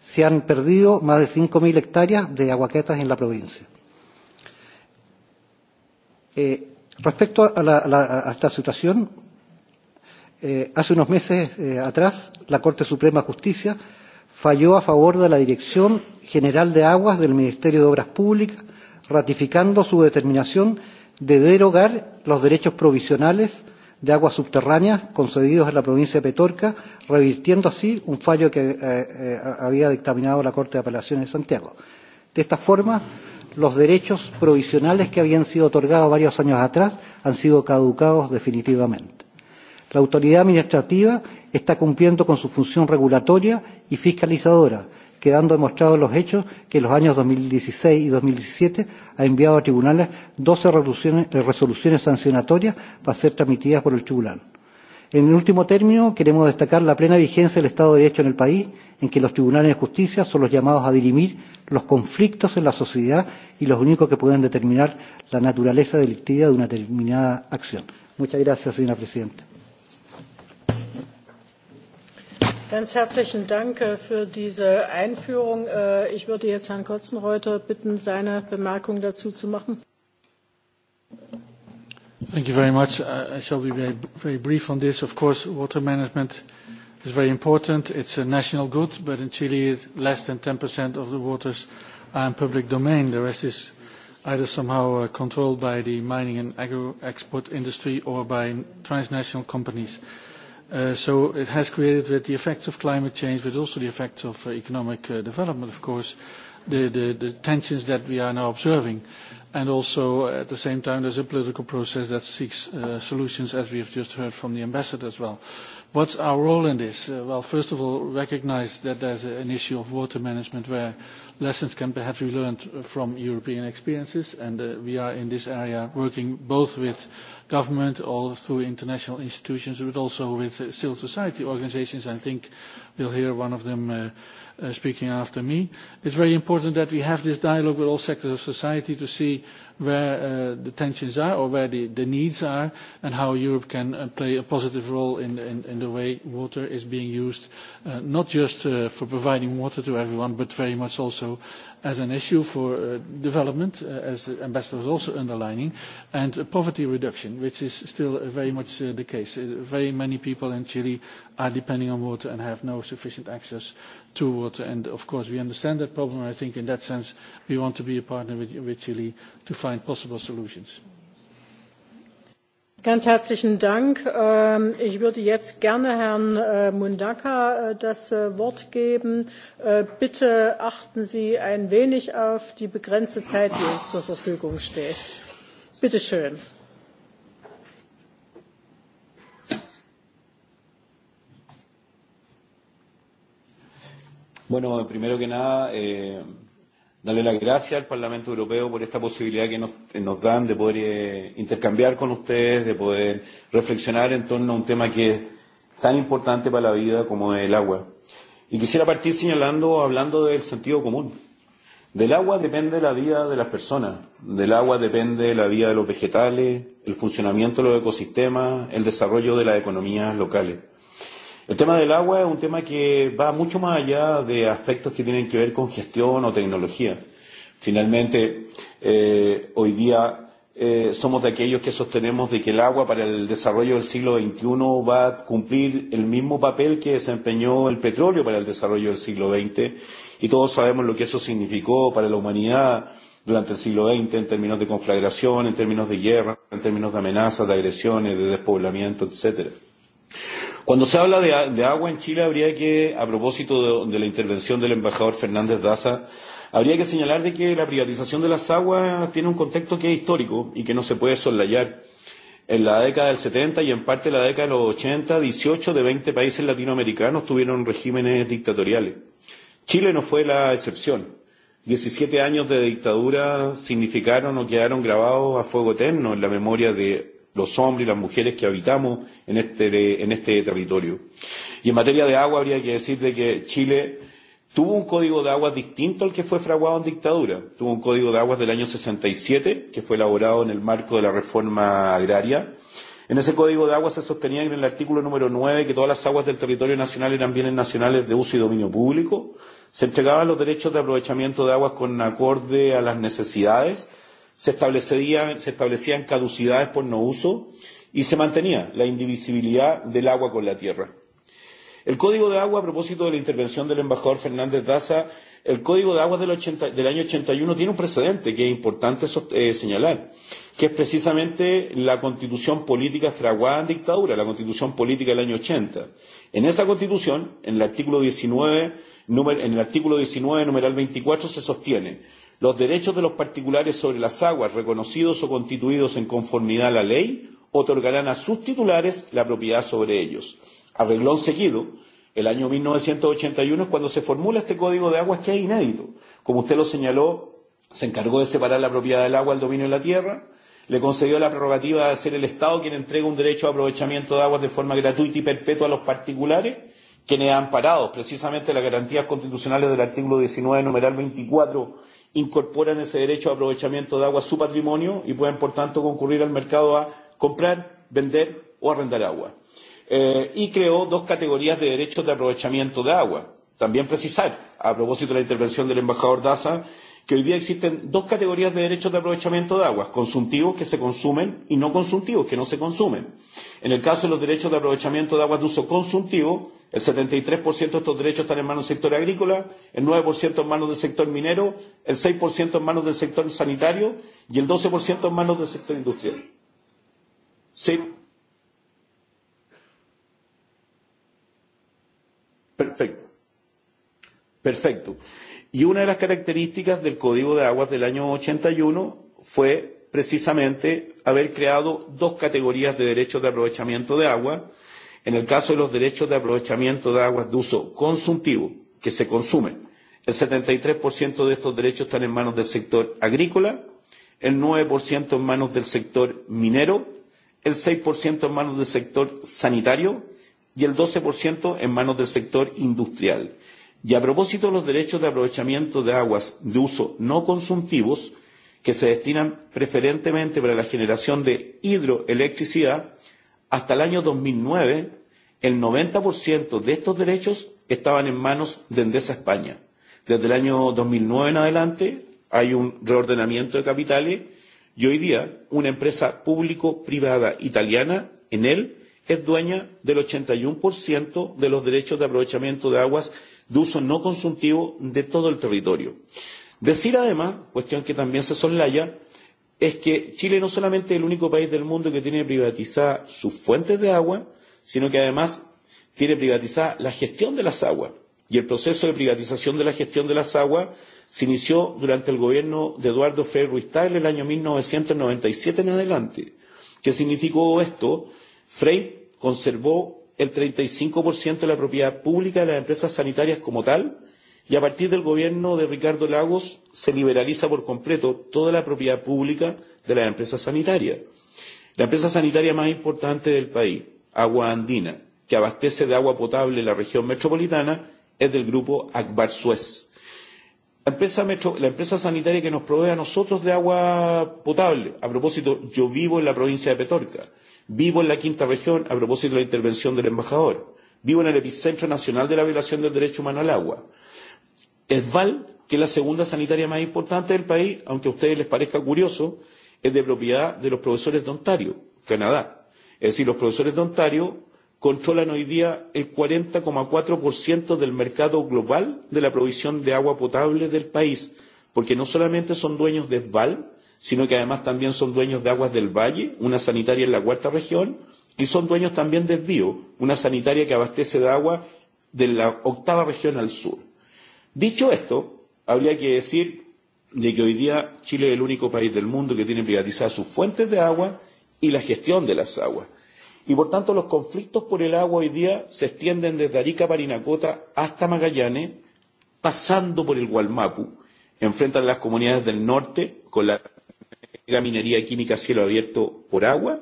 S2: se han perdido más de 5.000 hectáreas de aguaquetas en la provincia. Eh, respecto a, la, la, a esta situación, eh, hace unos meses eh, atrás la Corte Suprema de Justicia falló a favor de la Dirección General de Aguas del Ministerio de Obras Públicas, ratificando su determinación de derogar los derechos provisionales de aguas subterráneas concedidos en la provincia de Petorca, revirtiendo así un fallo que eh, eh, había dictaminado la Corte de Apelaciones de Santiago. De esta forma, los derechos provisionales que habían sido otorgados varios años atrás han sido caducados definitivamente. La autoridad administrativa está cumpliendo con su función regulatoria y fiscalizadora quedando demostrados los hechos que en los años 2016 y 2017 ha enviado a tribunales 12 resoluciones, eh, resoluciones sancionatorias para ser transmitidas por el tribunal. En último término, queremos destacar la plena vigencia del Estado de Derecho en el país, en que los tribunales de justicia son los llamados a dirimir los conflictos en la sociedad y los únicos que pueden determinar la naturaleza delictiva de una determinada acción. Muchas gracias, señora presidenta.
S1: Ganz herzlichen Dank äh, für diese Einführung. Äh, ich würde jetzt Herrn Kotzenreuter bitten, seine Bemerkung dazu zu machen.
S3: Thank you very much. I shall be very, very brief on this. Of course, water management is very important. It's a national good, but in Chile, less than 10% of the waters are in public domain. The rest is either somehow uh, controlled by the mining and agro-export industry or by transnational companies. Uh, so it has created with the effects of climate change, but also the effects of uh, economic uh, development, of course, the, the, the tensions that we are now observing. And also, at the same time, there's a political process that seeks solutions, as we have just heard from the ambassador as well. What's our role in this? Well, first of all, recognize that there's an issue of water management where lessons can perhaps be learned from European experiences, and we are in this area working both with government or through international institutions, but also with civil society organizations. I think we'll hear one of them uh, uh, speaking after me. It's very important that we have this dialogue with all sectors of society to see where uh, the tensions are or where the, the needs are and how Europe can play a positive role in, in, in the way water is being used, not just for providing water to everyone, but very much also as an issue for uh, development, uh, as the ambassador was also underlining, and poverty reduction, which is still uh, very much the case. Very many people in Chile are depending on water and have no sufficient access to water. And of course, we understand that problem. I think in that sense, we want to be a partner with, with Chile to find possible solutions.
S1: Ganz herzlichen Dank. Ähm, ich würde jetzt gerne Herrn äh, Mundaka äh, das äh, Wort geben. Bitte achten Sie ein wenig auf die begrenzte Zeit, die uns zur Verfügung steht. Bitte schön.
S5: Bueno, primero que nada, eh, darle las gracias al Parlamento Europeo por esta posibilidad que nos, nos dan de poder eh, intercambiar con ustedes, de poder reflexionar en torno a un tema que es tan importante para la vida como el agua. Y quisiera partir señalando, hablando del sentido común. Del agua depende la vida de las personas, del agua depende la vida de los vegetales, el funcionamiento de los ecosistemas, el desarrollo de las economías locales. El tema del agua es un tema que va mucho más allá de aspectos que tienen que ver con gestión o tecnología. Finalmente, eh, hoy día eh, somos de aquellos que sostenemos de que el agua para el desarrollo del siglo XXI va a cumplir el mismo papel que desempeñó el petróleo para el desarrollo del siglo XX y todos sabemos lo que eso significó para la humanidad durante el siglo XX en términos de conflagración, en términos de guerra, en términos de amenazas, de agresiones, de despoblamiento, etcétera. Cuando se habla de, de agua en Chile, habría que, a propósito de, de la intervención del embajador Fernández Daza, habría que señalar de que la privatización de las aguas tiene un contexto que es histórico y que no se puede soslayar. En la década del 70 y en parte de la década de los 80, 18 de 20 países latinoamericanos tuvieron regímenes dictatoriales. Chile no fue la excepción. 17 años de dictadura significaron o quedaron grabados a fuego eterno en la memoria de los hombres y las mujeres que habitamos en este, en este territorio. Y en materia de agua habría que decir de que Chile tuvo un código de aguas distinto al que fue fraguado en dictadura. Tuvo un código de aguas del año 67, que fue elaborado en el marco de la reforma agraria. En ese código de aguas se sostenía en el artículo número 9 que todas las aguas del territorio nacional eran bienes nacionales de uso y dominio público. Se entregaban los derechos de aprovechamiento de aguas con acorde a las necesidades se establecían, se establecían caducidades por no uso y se mantenía la indivisibilidad del agua con la tierra. El Código de Agua, a propósito de la intervención del embajador Fernández Daza, el Código de Agua del, 80, del año 81 tiene un precedente que es importante eh, señalar, que es precisamente la constitución política fraguada en dictadura, la constitución política del año 80. En esa constitución, en el artículo 19, número, en el artículo 19, numeral 24, se sostiene los derechos de los particulares sobre las aguas reconocidos o constituidos en conformidad a la ley otorgarán a sus titulares la propiedad sobre ellos. Arreglón seguido, el año 1981 es cuando se formula este Código de Aguas que es inédito. Como usted lo señaló, se encargó de separar la propiedad del agua al dominio de la tierra, le concedió la prerrogativa de ser el Estado quien entrega un derecho de aprovechamiento de aguas de forma gratuita y perpetua a los particulares, quienes han parado precisamente las garantías constitucionales del artículo 19, numeral 24 incorporan ese derecho de aprovechamiento de agua a su patrimonio y pueden, por tanto, concurrir al mercado a comprar, vender o arrendar agua. Eh, y creó dos categorías de derechos de aprovechamiento de agua. También precisar, a propósito de la intervención del embajador Daza, que hoy día existen dos categorías de derechos de aprovechamiento de aguas, consuntivos que se consumen y no consuntivos que no se consumen. En el caso de los derechos de aprovechamiento de aguas de uso consuntivo, el 73% de estos derechos están en manos del sector agrícola, el 9% en manos del sector minero, el 6% en manos del sector sanitario y el 12% en manos del sector industrial. Sí. Perfecto. Perfecto. Y una de las características del Código de Aguas del año 81 fue precisamente haber creado dos categorías de derechos de aprovechamiento de agua. En el caso de los derechos de aprovechamiento de aguas de uso consultivo, que se consumen, el 73% de estos derechos están en manos del sector agrícola, el 9% en manos del sector minero, el 6% en manos del sector sanitario y el 12% en manos del sector industrial. Y a propósito de los derechos de aprovechamiento de aguas de uso no consumtivos, que se destinan preferentemente para la generación de hidroelectricidad, hasta el año 2009 el 90% de estos derechos estaban en manos de Endesa España. Desde el año 2009 en adelante hay un reordenamiento de capitales y hoy día una empresa público-privada italiana, en él es dueña del 81% de los derechos de aprovechamiento de aguas de uso no consultivo de todo el territorio. Decir además, cuestión que también se soslaya, es que Chile no solamente es el único país del mundo que tiene privatizada sus fuentes de agua, sino que además tiene privatizada la gestión de las aguas. Y el proceso de privatización de la gestión de las aguas se inició durante el gobierno de Eduardo Frei Ruiz Tagle el año 1997 en adelante. ¿Qué significó esto? Frei conservó el 35% de la propiedad pública de las empresas sanitarias como tal, y a partir del gobierno de Ricardo Lagos se liberaliza por completo toda la propiedad pública de las empresas sanitarias. La empresa sanitaria más importante del país, Agua Andina, que abastece de agua potable la región metropolitana, es del grupo Akbar Suez. La empresa, metro, la empresa sanitaria que nos provee a nosotros de agua potable, a propósito, yo vivo en la provincia de Petorca, Vivo en la quinta región, a propósito de la intervención del embajador. Vivo en el epicentro nacional de la violación del derecho humano al agua. Esval, que es la segunda sanitaria más importante del país, aunque a ustedes les parezca curioso, es de propiedad de los profesores de Ontario, Canadá. Es decir, los profesores de Ontario controlan hoy día el 40,4% del mercado global de la provisión de agua potable del país, porque no solamente son dueños de Esval, sino que además también son dueños de Aguas del Valle, una sanitaria en la cuarta región, y son dueños también de Bio, una sanitaria que abastece de agua de la octava región al sur. Dicho esto, habría que decir de que hoy día Chile es el único país del mundo que tiene privatizadas sus fuentes de agua y la gestión de las aguas. Y por tanto los conflictos por el agua hoy día se extienden desde Arica, Parinacota hasta Magallanes, pasando por el Gualmapu. Enfrentan las comunidades del norte con la la minería química a cielo abierto por agua,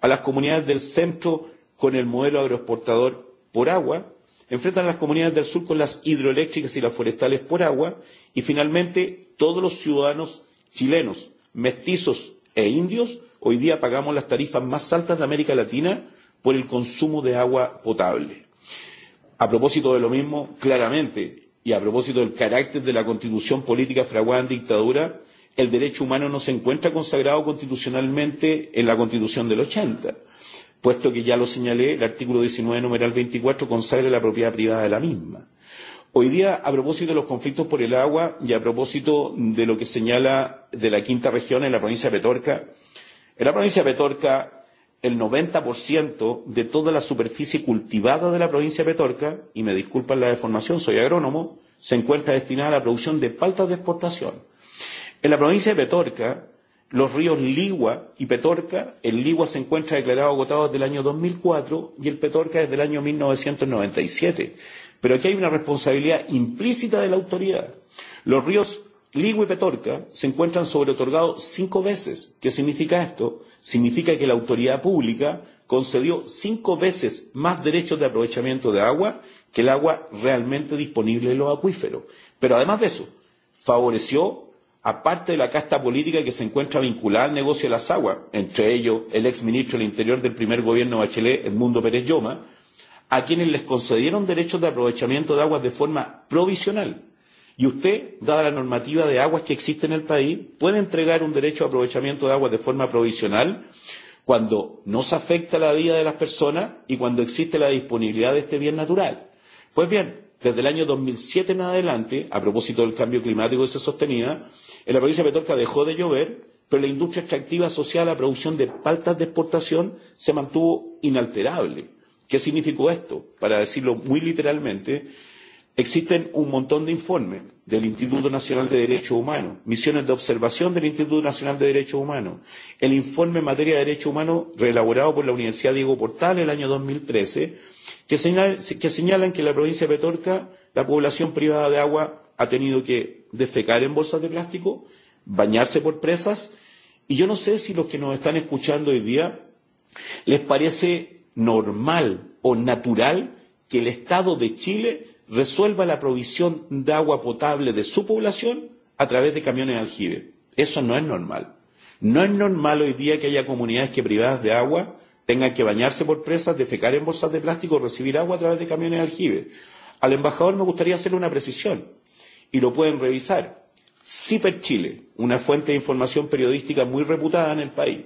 S5: a las comunidades del centro con el modelo agroexportador por agua, enfrentan a las comunidades del sur con las hidroeléctricas y las forestales por agua, y finalmente todos los ciudadanos chilenos, mestizos e indios, hoy día pagamos las tarifas más altas de América Latina por el consumo de agua potable. A propósito de lo mismo, claramente, y a propósito del carácter de la constitución política fraguada en dictadura, el derecho humano no se encuentra consagrado constitucionalmente en la Constitución del 80, puesto que ya lo señalé, el artículo 19, numeral 24, consagra la propiedad privada de la misma. Hoy día, a propósito de los conflictos por el agua y a propósito de lo que señala de la quinta región en la provincia de Petorca, en la provincia de Petorca el 90% de toda la superficie cultivada de la provincia de Petorca, y me disculpan la deformación, soy agrónomo, se encuentra destinada a la producción de paltas de exportación En la provincia de Petorca, los ríos Ligua y Petorca, el Ligua se encuentra declarado agotado desde el año 2004 y el Petorca desde el año 1997. Pero aquí hay una responsabilidad implícita de la autoridad. Los ríos Ligua y Petorca se encuentran sobreotorgados cinco veces. ¿Qué significa esto? Significa que la autoridad pública concedió cinco veces más derechos de aprovechamiento de agua que el agua realmente disponible en los acuíferos. Pero además de eso, favoreció aparte de la casta política que se encuentra vinculada al negocio de las aguas, entre ellos el ex ministro del Interior del primer gobierno Bachelet, Edmundo Pérez Lloma, a quienes les concedieron derechos de aprovechamiento de aguas de forma provisional. Y usted, dada la normativa de aguas que existe en el país, puede entregar un derecho de aprovechamiento de aguas de forma provisional cuando no se afecta la vida de las personas y cuando existe la disponibilidad de este bien natural. Pues bien, desde el año 2007 en adelante, a propósito del cambio climático que se sostenía, en la provincia de Petorca dejó de llover, pero la industria extractiva asociada a la producción de paltas de exportación se mantuvo inalterable. ¿Qué significó esto? Para decirlo muy literalmente, Existen un montón de informes del Instituto Nacional de Derechos Humanos, misiones de observación del Instituto Nacional de Derechos Humanos, el informe en materia de derechos humanos reelaborado por la Universidad Diego Portal en el año 2013, que, señal, que señalan que en la provincia de Petorca la población privada de agua ha tenido que defecar en bolsas de plástico, bañarse por presas, y yo no sé si los que nos están escuchando hoy día les parece normal o natural que el Estado de Chile resuelva la provisión de agua potable de su población a través de camiones de aljibe. Eso no es normal. No es normal hoy día que haya comunidades que privadas de agua tengan que bañarse por presas, defecar en bolsas de plástico, o recibir agua a través de camiones de aljibe. Al embajador me gustaría hacerle una precisión y lo pueden revisar. CIPER Chile, una fuente de información periodística muy reputada en el país.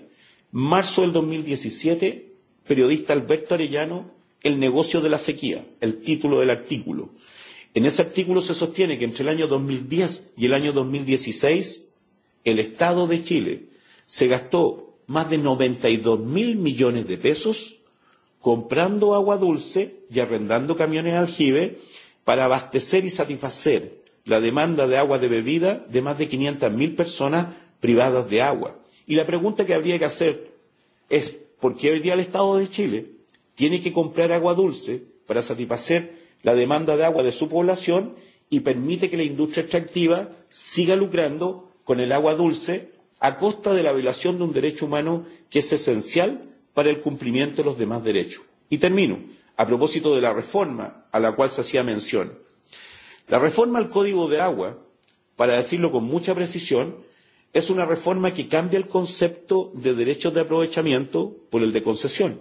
S5: Marzo del 2017, periodista Alberto Arellano el negocio de la sequía, el título del artículo. En ese artículo se sostiene que entre el año 2010 y el año 2016, el Estado de Chile se gastó más de 92 mil millones de pesos comprando agua dulce y arrendando camiones aljibe para abastecer y satisfacer la demanda de agua de bebida de más de mil personas privadas de agua. Y la pregunta que habría que hacer es, ¿por qué hoy día el Estado de Chile tiene que comprar agua dulce para satisfacer la demanda de agua de su población y permite que la industria extractiva siga lucrando con el agua dulce a costa de la violación de un derecho humano que es esencial para el cumplimiento de los demás derechos. Y termino a propósito de la reforma a la cual se hacía mención. La reforma al Código de Agua, para decirlo con mucha precisión, es una reforma que cambia el concepto de derechos de aprovechamiento por el de concesión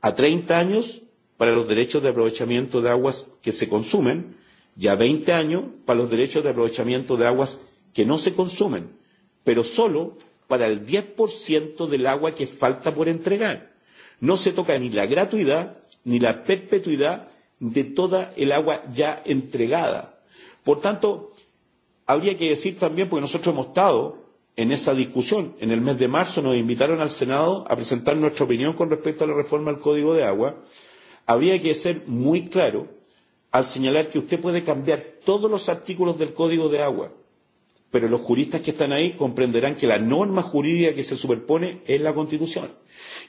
S5: a 30 años para los derechos de aprovechamiento de aguas que se consumen y a 20 años para los derechos de aprovechamiento de aguas que no se consumen, pero solo para el 10% del agua que falta por entregar. No se toca ni la gratuidad ni la perpetuidad de toda el agua ya entregada. Por tanto, habría que decir también, porque nosotros hemos estado en esa discusión. En el mes de marzo nos invitaron al Senado a presentar nuestra opinión con respecto a la reforma al Código de Agua. Habría que ser muy claro al señalar que usted puede cambiar todos los artículos del Código de Agua, pero los juristas que están ahí comprenderán que la norma jurídica que se superpone es la Constitución.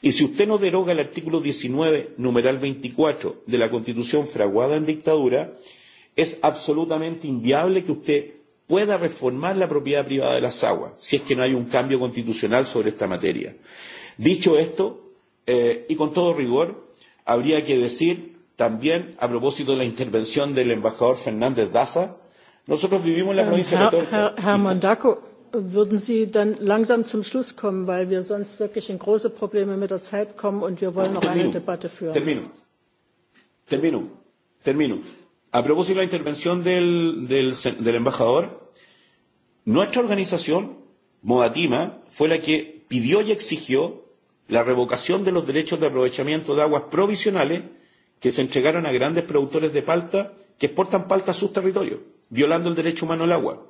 S5: Y si usted no deroga el artículo 19, numeral 24 de la Constitución fraguada en dictadura, es absolutamente inviable que usted pueda reformar la propiedad privada de las aguas, si es que no hay un cambio constitucional sobre esta materia. Dicho esto, eh, y con todo rigor, habría que decir también, a propósito de la intervención del embajador Fernández Daza, nosotros vivimos en la ähm, provincia de Torque.
S1: Herr würden Sie dann langsam zum Schluss kommen, weil wir sonst wirklich in große Probleme mit der Zeit kommen und wir wollen ah, noch eine Debatte führen.
S5: Termino. Termino. Termino a propósito de la intervención del, del, del embajador, nuestra organización, Modatima, fue la que pidió y exigió la revocación de los derechos de aprovechamiento de aguas provisionales que se entregaron a grandes productores de palta que exportan palta a sus territorios, violando el derecho humano al agua.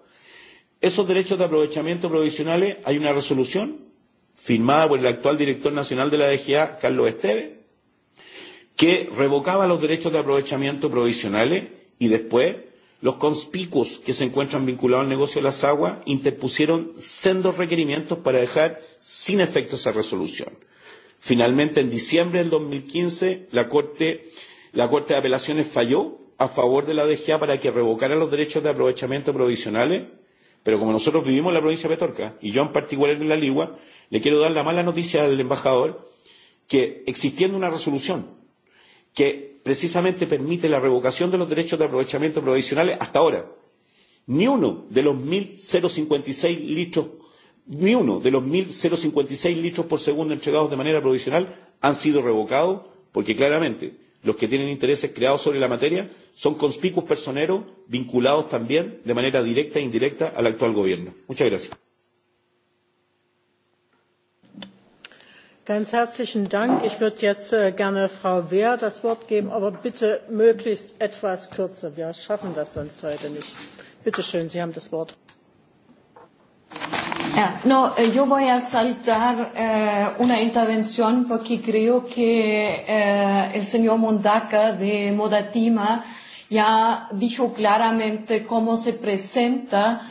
S5: Esos derechos de aprovechamiento provisionales hay una resolución firmada por el actual director nacional de la DGA, Carlos Esteve, que revocaba los derechos de aprovechamiento provisionales y después los conspicuos que se encuentran vinculados al negocio de las aguas interpusieron sendos requerimientos para dejar sin efecto esa resolución. Finalmente, en diciembre del 2015, la Corte, la Corte de Apelaciones falló a favor de la DGA para que revocara los derechos de aprovechamiento provisionales, pero como nosotros vivimos en la provincia de Petorca, y yo en particular en la Ligua, le quiero dar la mala noticia al embajador que existiendo una resolución que precisamente permite la revocación de los derechos de aprovechamiento provisionales hasta ahora. Ni uno de los 1.056 litros, ni uno de los 1.056 litros por segundo entregados de manera provisional han sido revocados porque claramente los que tienen intereses creados sobre la materia son conspicuos personeros vinculados también de manera directa e indirecta al actual gobierno. Muchas gracias.
S1: Ganz herzlichen Dank. Ich würde jetzt äh, gerne Frau Wehr das Wort geben, aber bitte möglichst etwas kürzer. Wir schaffen das sonst heute nicht. Bitte schön, Sie haben das Wort.
S6: Ja, no, äh, yo voy a saltar eh, una intervención porque creo que eh, el señor Mondaca de Modatima ya dijo claramente cómo se presenta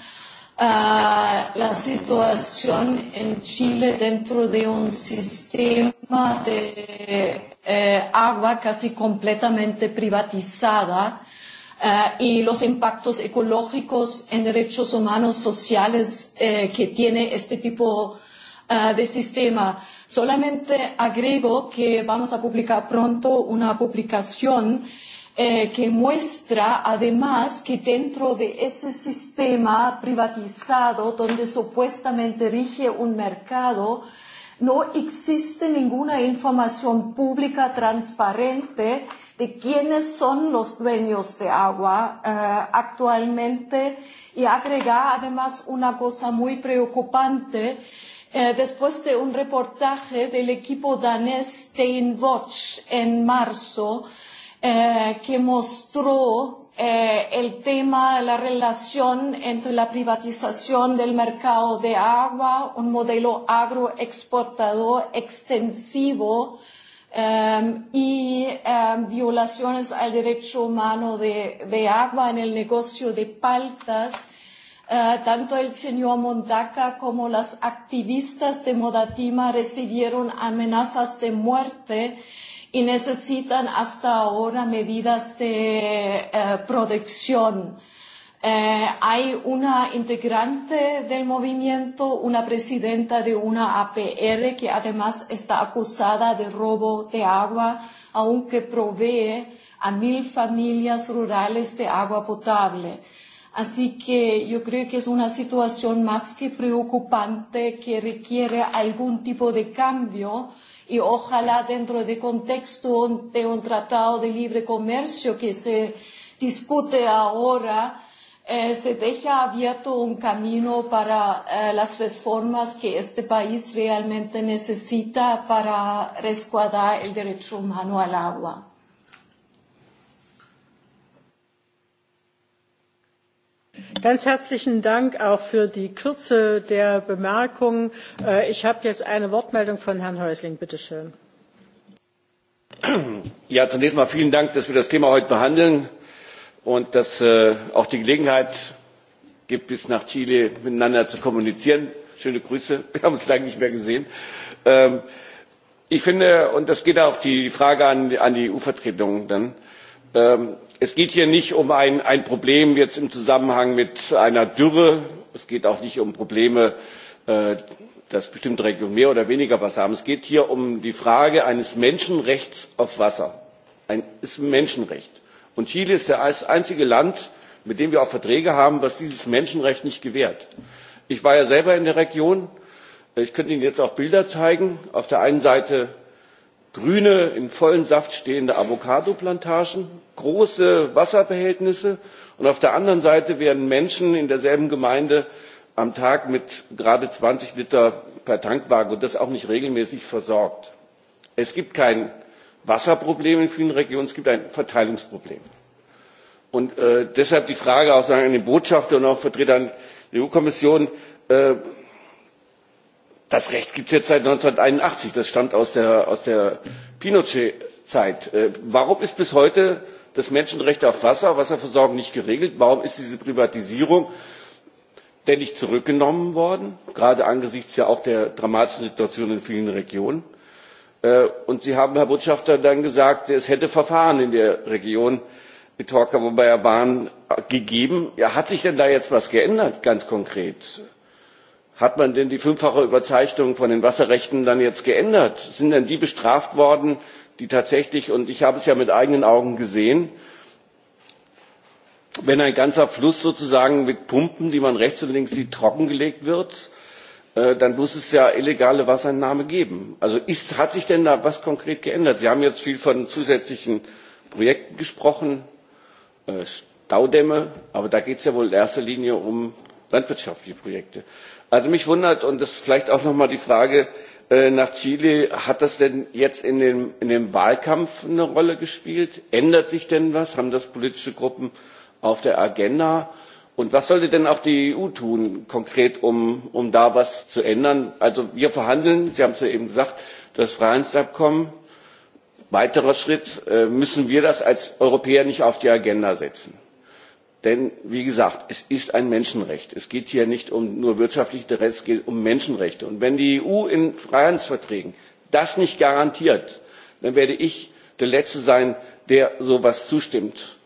S6: la situación en Chile dentro de un sistema de eh, agua casi completamente privatizada eh, y los impactos ecológicos en derechos humanos sociales eh, que tiene este tipo eh, de sistema. Solamente agrego que vamos a publicar pronto una publicación eh, que muestra además que dentro de ese sistema privatizado donde supuestamente rige un mercado, no existe ninguna información pública transparente de quiénes son los dueños de agua eh, actualmente y agrega además una cosa muy preocupante eh, después de un reportaje del equipo danés Steinwatch en marzo eh, que mostró eh, el tema, de la relación entre la privatización del mercado de agua, un modelo agroexportador extensivo eh, y eh, violaciones al derecho humano de, de agua en el negocio de paltas. Uh, tanto el señor Mondaca como las activistas de Modatima recibieron amenazas de muerte y necesitan hasta ahora medidas de eh, protección. Eh, hay una integrante del movimiento, una presidenta de una APR que además está acusada de robo de agua, aunque provee a mil familias rurales de agua potable. Así que yo creo que es una situación más que preocupante que requiere algún tipo de cambio y ojalá dentro de contexto de un tratado de libre comercio que se discute ahora eh, se deja abierto un camino para eh, las reformas que este país realmente necesita para resguardar el derecho humano al agua
S1: Ganz herzlichen Dank auch für die Kürze der Bemerkungen. Äh, ich habe jetzt eine Wortmeldung von Herrn Häusling. Bitte schön.
S7: zunächst einmal vielen Dank, dass wir das Thema heute behandeln und dass es äh, auch die Gelegenheit gibt, bis nach Chile miteinander zu kommunizieren. Schöne Grüße. Wir haben uns lange nicht mehr gesehen. Ähm, ich finde, und das geht auch die Frage an, die EU-Vertretung dann, ähm, es geht hier nicht um ein, problem jetzt im zusammenhang mit einer dürre es geht auch nicht um probleme äh, dass bestimmte regionen mehr oder weniger wasser haben es geht hier um die frage eines menschenrechts auf wasser. es ist ein menschenrecht und chile ist das einzige land mit dem wir auch verträge haben das dieses menschenrecht nicht gewährt. ich war ja selber in der region ich könnte ihnen jetzt auch bilder zeigen auf der einen seite grüne in vollen saft stehende avocadoplantagen große wasserbehältnisse und auf der anderen seite werden menschen in derselben gemeinde am tag mit gerade zwanzig liter per tankwagen und das auch nicht regelmäßig versorgt. es gibt kein wasserproblem in vielen regionen es gibt ein verteilungsproblem. und äh, deshalb die frage an den botschafter und auch Vertretern vertreter der eu kommission äh, das recht gibt es jetzt seit eintausendneunhunderteinundachtzig das stammt aus der, aus der pinochet zeit. Äh, warum ist bis heute das menschenrecht auf wasser wasserversorgung nicht geregelt? warum ist diese privatisierung denn nicht zurückgenommen worden gerade angesichts ja auch der dramatischen situation in vielen regionen? Äh, und sie haben herr botschafter dann gesagt es hätte verfahren in der region mit wobei Er ja waren gegeben. hat sich denn da jetzt etwas geändert ganz konkret? hat man denn die fünffache überzeichnung von den wasserrechten dann jetzt geändert? sind denn die bestraft worden die tatsächlich und ich habe es ja mit eigenen augen gesehen wenn ein ganzer fluss sozusagen mit pumpen die man rechts und links sieht trockengelegt wird äh, dann muss es ja illegale wasserentnahme geben. also ist, hat sich denn da etwas konkret geändert? sie haben jetzt viel von zusätzlichen projekten gesprochen äh, staudämme aber da geht es ja wohl in erster linie um landwirtschaftliche projekte also mich wundert und das ist vielleicht auch noch mal die frage äh, nach chile hat das denn jetzt in dem, in dem wahlkampf eine rolle gespielt? ändert sich denn was? haben das politische gruppen auf der agenda? und was sollte denn auch die eu tun konkret um, um da was zu ändern? also wir verhandeln sie haben es ja eben gesagt das freihandelsabkommen. weiterer schritt äh, müssen wir das als europäer nicht auf die agenda setzen? denn wie gesagt es ist ein menschenrecht es geht hier nicht um nur wirtschaftliche interessen es geht um menschenrechte und wenn die eu in freihandelsverträgen das nicht garantiert dann werde ich der letzte sein der so etwas zustimmt.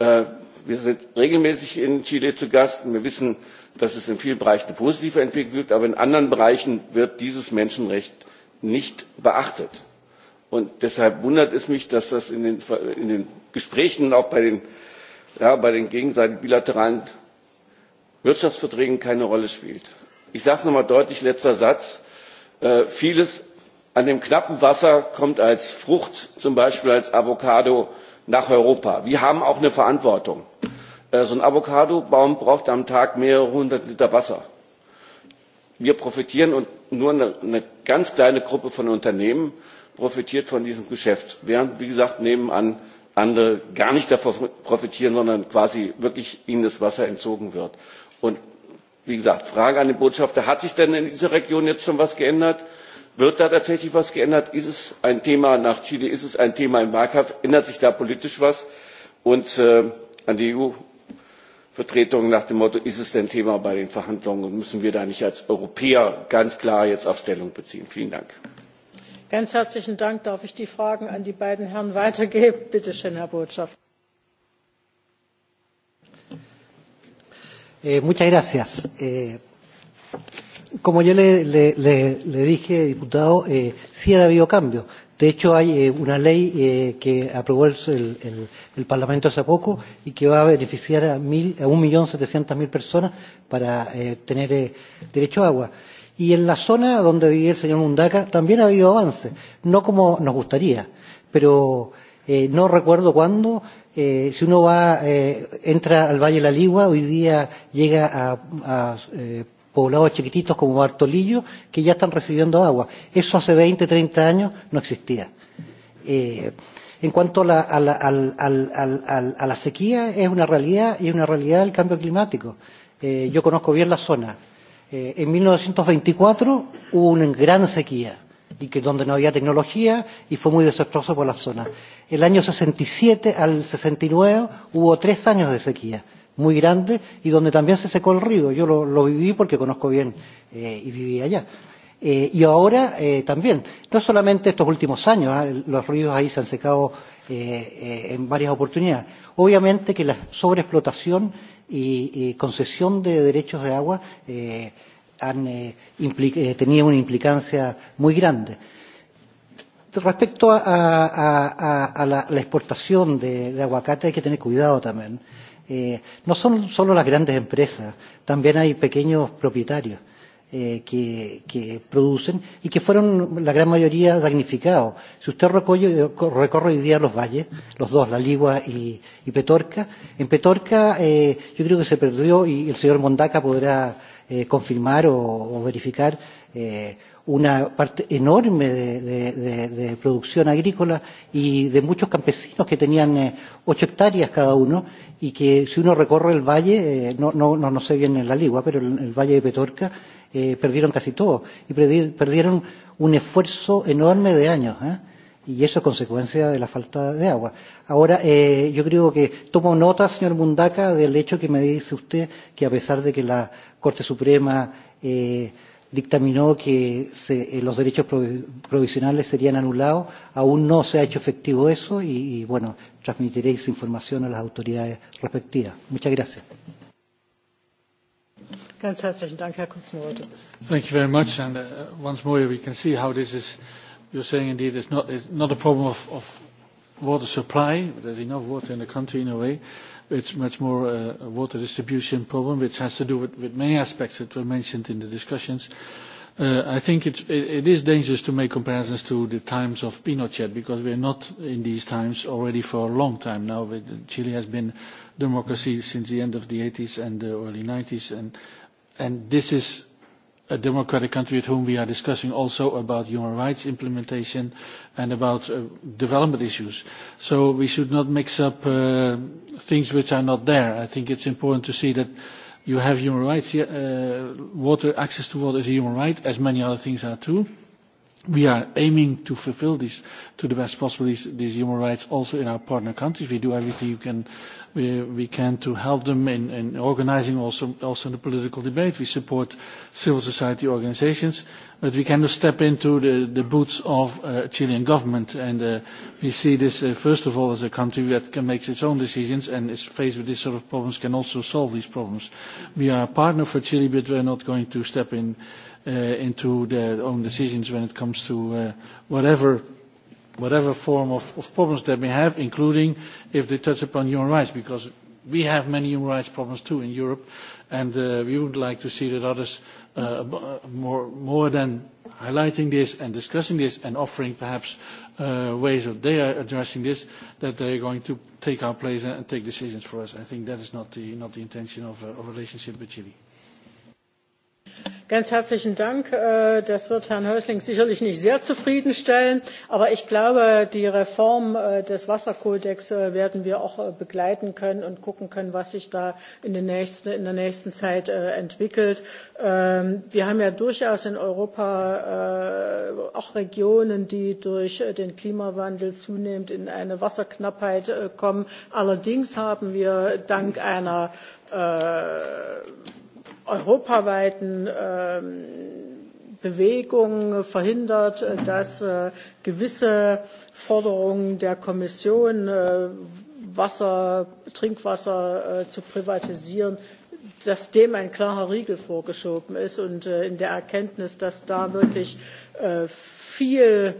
S7: Äh, wir sind regelmäßig in chile zu gast und wir wissen dass es in vielen bereichen eine positive entwicklung gibt aber in anderen bereichen wird dieses menschenrecht nicht beachtet. Und deshalb wundert es mich dass das in den gesprächen auch bei den ja, bei den gegenseitigen bilateralen wirtschaftsverträgen keine rolle spielt. ich sage es noch einmal deutlich letzter satz äh, vieles an dem knappen wasser kommt als frucht zum beispiel als avocado nach europa. wir haben auch eine verantwortung. Äh, so ein Avocado Baum braucht am tag mehrere hundert liter wasser. wir profitieren und nur eine, eine ganz kleine gruppe von unternehmen profitiert von diesem geschäft während wie gesagt nebenan andere gar nicht davon profitieren, sondern quasi wirklich ihnen das Wasser entzogen wird. Und wie gesagt, Frage an den Botschafter, hat sich denn in dieser Region jetzt schon was geändert? Wird da tatsächlich was geändert? Ist es ein Thema nach Chile? Ist es ein Thema im Wahlkampf? Ändert sich da politisch was? Und äh, an die EU Vertretung nach dem Motto, ist es denn Thema bei den Verhandlungen und müssen wir da nicht als Europäer ganz klar jetzt auch Stellung beziehen? Vielen Dank.
S1: Ganz herzlichen Dank. Darf ich die Fragen an die beiden Herren weitergeben? Bitte schön, Herr Botschafter.
S2: Eh, eh, como ya le, le, le, dije, diputado, eh, sí ha habido cambios. De hecho, hay eh, una ley eh, que aprobó el, el, el Parlamento hace poco y que va a beneficiar a, mil, a 1.700.000 personas para eh, tener derecho a agua Y en la zona donde vivía el señor Mundaca también ha habido avances, no como nos gustaría, pero eh, no recuerdo cuándo. Eh, si uno va, eh, entra al Valle de la Ligua, hoy día llega a, a eh, poblados chiquititos como Bartolillo, que ya están recibiendo agua. Eso hace 20, 30 años no existía. Eh, en cuanto a la, a, la, al, al, a la sequía, es una realidad y es una realidad del cambio climático. Eh, yo conozco bien la zona Eh, en 1924 hubo una gran sequía y que donde no había tecnología y fue muy desastroso por la zona. El año 67 al 69 hubo tres años de sequía muy grande y donde también se secó el río. Yo lo, lo viví porque conozco bien eh, y viví allá. Eh, y ahora eh, también, no solamente estos últimos años, ah, los ríos ahí se han secado eh, eh, en varias oportunidades. Obviamente que la sobreexplotación y, y concesión de derechos de agua eh, han, eh, eh, tenía una implicancia muy grande. Respecto a, a, a, a la, la exportación de, de aguacate hay que tener cuidado también. Eh, no son solo las grandes empresas, también hay pequeños propietarios eh, que, que producen y que fueron la gran mayoría damnificados. Si usted recorre, recorre hoy día los valles, los dos, La Ligua y, y Petorca, en Petorca eh, yo creo que se perdió y el señor Mondaca podrá eh, confirmar o, o verificar eh, una parte enorme de, de, de, de producción agrícola y de muchos campesinos que tenían eh, ocho hectáreas cada uno y que si uno recorre el valle, eh, no, no, no, no sé bien en la Ligua, pero el, el valle de Petorca, eh, perdieron casi todo y perdieron un esfuerzo enorme de años. ¿eh? y eso es consecuencia de la falta de agua. Ahora, eh, yo creo que tomo nota, señor Mundaca, del hecho que me dice usted que a pesar de que la Corte Suprema eh, dictaminó que se, eh, los derechos provisionales serían anulados, aún no se ha hecho efectivo eso y, y bueno, transmitiréis esa
S3: información a las autoridades respectivas. Muchas gracias.
S1: Ganz herzlichen Dank, Herr
S3: Thank you very much. And uh, once more, we can see how this is, you're saying indeed, it's not, it's not a problem of, of water supply. There's enough water in the country in a way. It's much more uh, a water distribution problem, which has to do with, with many aspects that were mentioned in the discussions. Uh, I think it's, it is dangerous to make comparisons to the times of Pinochet because we are not in these times already for a long time now. Chile has been democracy since the end of the 80s and the early 90s, and, and this is a democratic country with whom we are discussing also about human rights implementation and about uh, development issues. So we should not mix up uh, things which are not there. I think it's important to see that you have human rights, uh, water, access to water is a human right, as many other things are too. We are aiming to fulfill this to the best possible these, these human rights also in our partner countries. We do everything you can, we, uh, we can to help them in, in organizing also, also in the political debate. We support civil society organizations but we cannot step into the, the boots of uh, Chilean government. And uh, we see this, uh, first of all, as a country that can make its own decisions and is faced with these sort of problems, can also solve these problems. We are a partner for Chile, but we are not going to step in uh, into their own decisions when it comes to uh, whatever whatever form of, of problems that we have, including if they touch upon human rights, because we have many human rights problems too in Europe, and uh, we would like to see that others Uh, more, than highlighting this and discussing this and offering perhaps uh, ways of they are addressing this, that they are going to take our place and take decisions for us. I think that is not the, not the intention of of a relationship with Chile.
S1: Ganz herzlichen Dank. Äh, das wird Herrn Häusling sicherlich nicht sehr zufriedenstellen, aber ich glaube, die Reform äh, des Wasserkodex äh, werden wir auch begleiten können und gucken können, was sich da in, in der nächsten Zeit entwickelt. Ähm, wir haben ja durchaus in Europa auch Regionen, die durch den Klimawandel zunehmend in eine Wasserknappheit kommen. Allerdings haben wir dank einer europaweiten ähm, Bewegung verhindert, dass äh, gewisse Forderungen der Kommission, äh, Wasser, Trinkwasser äh, zu privatisieren, dass dem ein klarer Riegel vorgeschoben ist und in der Erkenntnis, dass da wirklich viel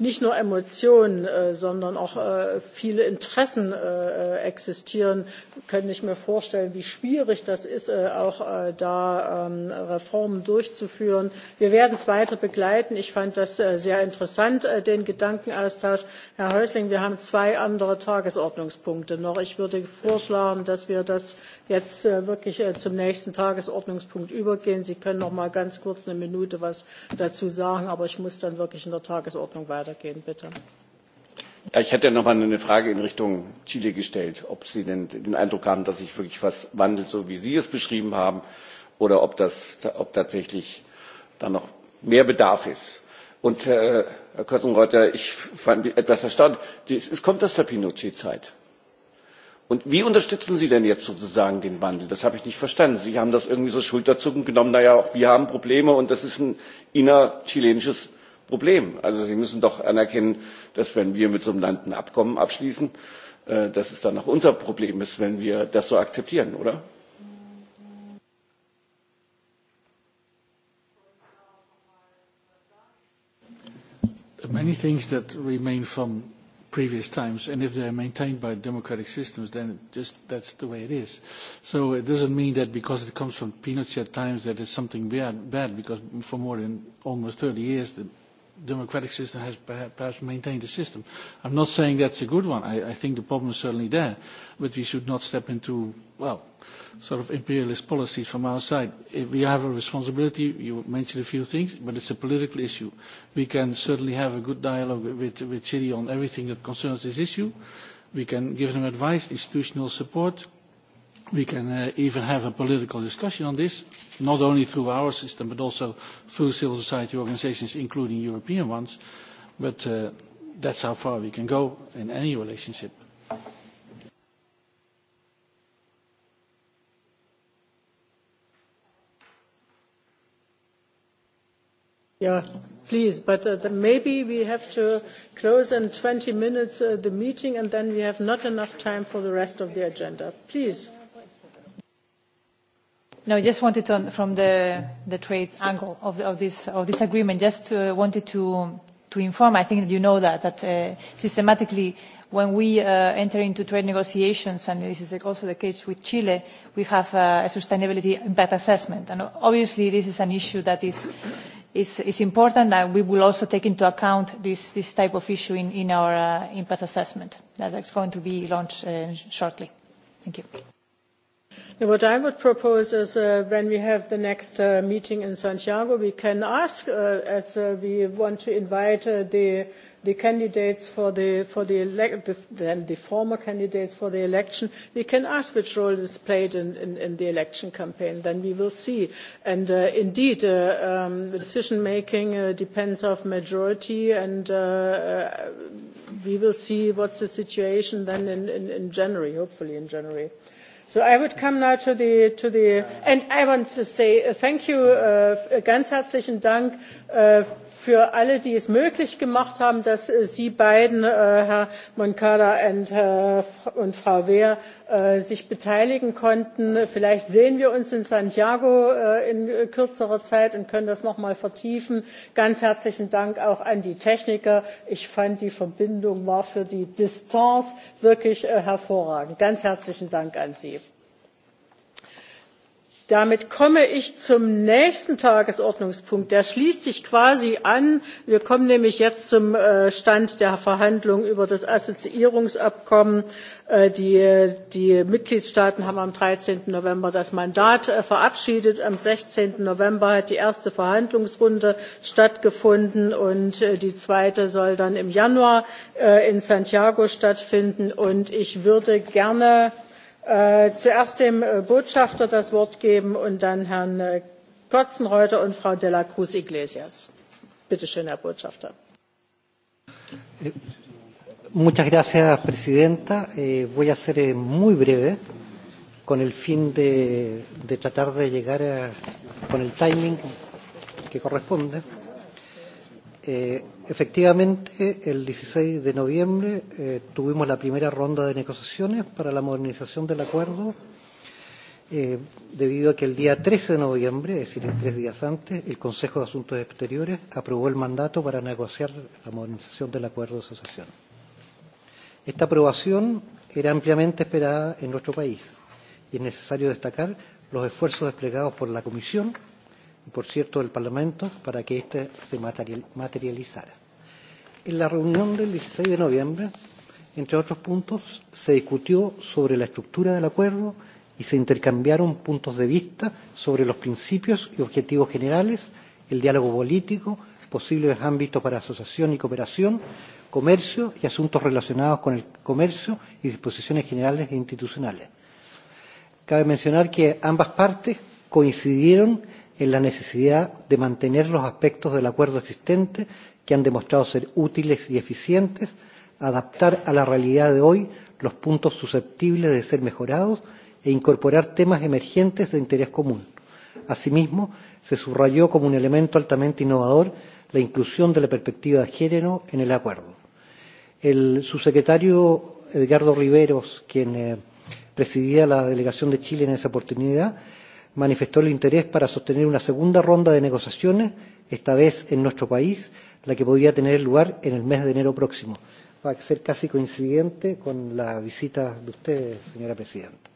S1: nicht nur Emotionen, äh, sondern auch äh, viele Interessen äh, existieren, können ich mir vorstellen, wie schwierig das ist, auch da ähm, Reformen durchzuführen. Wir werden es weiter begleiten. Ich fand das sehr interessant, den Gedankenaustausch. Herr Häusling, wir haben zwei andere Tagesordnungspunkte noch. Ich würde vorschlagen, dass wir das jetzt wirklich zum nächsten Tagesordnungspunkt übergehen. Sie können noch mal ganz kurz eine Minute was dazu sagen, aber ich muss dann wirklich in der Tagesordnung weiter weitergehen bitte.
S7: Ja, ich hätte noch mal eine Frage in Richtung Chile gestellt, ob Sie denn den Eindruck haben, dass sich wirklich was wandelt, so wie Sie es beschrieben haben, oder ob, das, ob tatsächlich da noch mehr Bedarf ist. Und äh, Herr Kötzenreuther, ich fand etwas erstaunt. es kommt aus der Pinochet-Zeit. Und wie unterstützen Sie denn jetzt sozusagen den Wandel? Das habe ich nicht verstanden. Sie haben das irgendwie so schulterzuckend genommen. Naja, auch wir haben Probleme und das ist ein innerchilenisches Problem. Also Sie müssen doch anerkennen, dass wenn wir mit so einem Land ein Abkommen abschließen, äh, dass es dann auch unser Problem ist, wenn wir das so akzeptieren, oder?
S3: many things that remain from previous times and if they are maintained by democratic systems then just that's the way it is so it doesn't mean that because it comes from pinochet times that it's something bad, bad because for more than almost 30 years the democratic system has perhaps maintained the system. I'm not saying that's a good one. I, I think the problem is certainly there, but we should not step into, well, sort of imperialist policies from our side. If we have a responsibility. You mentioned a few things, but it's a political issue. We can certainly have a good dialogue with, with Chile on everything that concerns this issue. We can give them advice, institutional support, we can uh, even have a political discussion on this, not only through our system, but also through civil society organizations, including European ones. But uh, that's how far we can go in any relationship.
S1: Yeah, please, but uh, maybe we have to close in 20 minutes uh, the meeting and then we have not enough time for the rest of the agenda. Please.
S8: No, I just wanted to, from the, trade angle of, this, agreement, just uh, wanted to, inform, I think you know that, that uh, systematically when we uh, enter into trade negotiations, and this is also the case with Chile, we have a sustainability impact assessment. And obviously this is an issue that is, important, and we will also take into account this, type of issue in, our impact assessment that is going to be launched shortly. Thank you.
S1: What I would propose is uh, when we have the next uh, meeting in Santiago, we can ask, uh, as uh, we want to invite uh, the the candidates for the for the then the former candidates for the election we can ask which role is played in, in, in the election campaign then we will see and uh, indeed uh, um, decision making uh, depends on majority and uh, uh, we will see what's the situation then in, in, in January hopefully in January So I would come now to the, to the, and I want to say uh, thank you, uh, uh, ganz herzlichen Dank uh, für alle, die es möglich gemacht haben, dass äh, Sie beiden, äh, Herr Moncada äh, und Frau Wehr, sich beteiligen konnten. Vielleicht sehen wir uns in Santiago in kürzerer Zeit und können das noch mal vertiefen. Ganz herzlichen Dank auch an die Techniker. Ich fand, die Verbindung war für die Distanz wirklich hervorragend. Ganz herzlichen Dank an Sie damit komme ich zum nächsten tagesordnungspunkt der schließt sich quasi an wir kommen nämlich jetzt zum äh, stand der verhandlungen über das assoziierungsabkommen äh, die, die mitgliedstaaten haben am. 13. november das mandat äh, verabschiedet am. 16. november hat die erste verhandlungsrunde stattgefunden und die zweite soll dann im januar in santiago stattfinden und ich würde gerne Äh, zuerst dem äh, botschafter das wort geben und dann herrn äh, kotzenreuther und frau de la cruz iglesias. bitte schön herr botschafter.
S2: Muchas gracias, Presidenta. Eh, voy a ser eh, muy breve con el fin de, de tratar de llegar a, eh, con el timing que corresponde. Eh, Efectivamente, el 16 de noviembre eh, tuvimos la primera ronda de negociaciones para la modernización del acuerdo, eh, debido a que el día 13 de noviembre, es decir, tres días antes, el Consejo de Asuntos Exteriores aprobó el mandato para negociar la modernización del acuerdo de asociación. Esta aprobación era ampliamente esperada en nuestro país y es necesario destacar los esfuerzos desplegados por la Comisión y, por cierto, del Parlamento para que éste se materializara. En la reunión del 16 de noviembre, entre otros puntos, se discutió sobre la estructura del acuerdo y se intercambiaron puntos de vista sobre los principios y objetivos generales, el diálogo político, posibles ámbitos para asociación y cooperación, comercio y asuntos relacionados con el comercio y disposiciones generales e institucionales. Cabe mencionar que ambas partes coincidieron en la necesidad de mantener los aspectos del acuerdo existente que han demostrado ser útiles y eficientes, adaptar a la realidad de hoy los puntos susceptibles de ser mejorados e incorporar temas emergentes de interés común. Asimismo, se subrayó como un elemento altamente innovador la inclusión de la perspectiva de género en el acuerdo. El subsecretario Edgardo Riveros, quien eh, presidía la delegación de Chile en esa oportunidad, manifestó el interés para sostener una segunda ronda de negociaciones esta vez en nuestro país, la que podría tener lugar en el mes de enero próximo. Va a ser casi coincidente con la visita de usted, señora presidenta.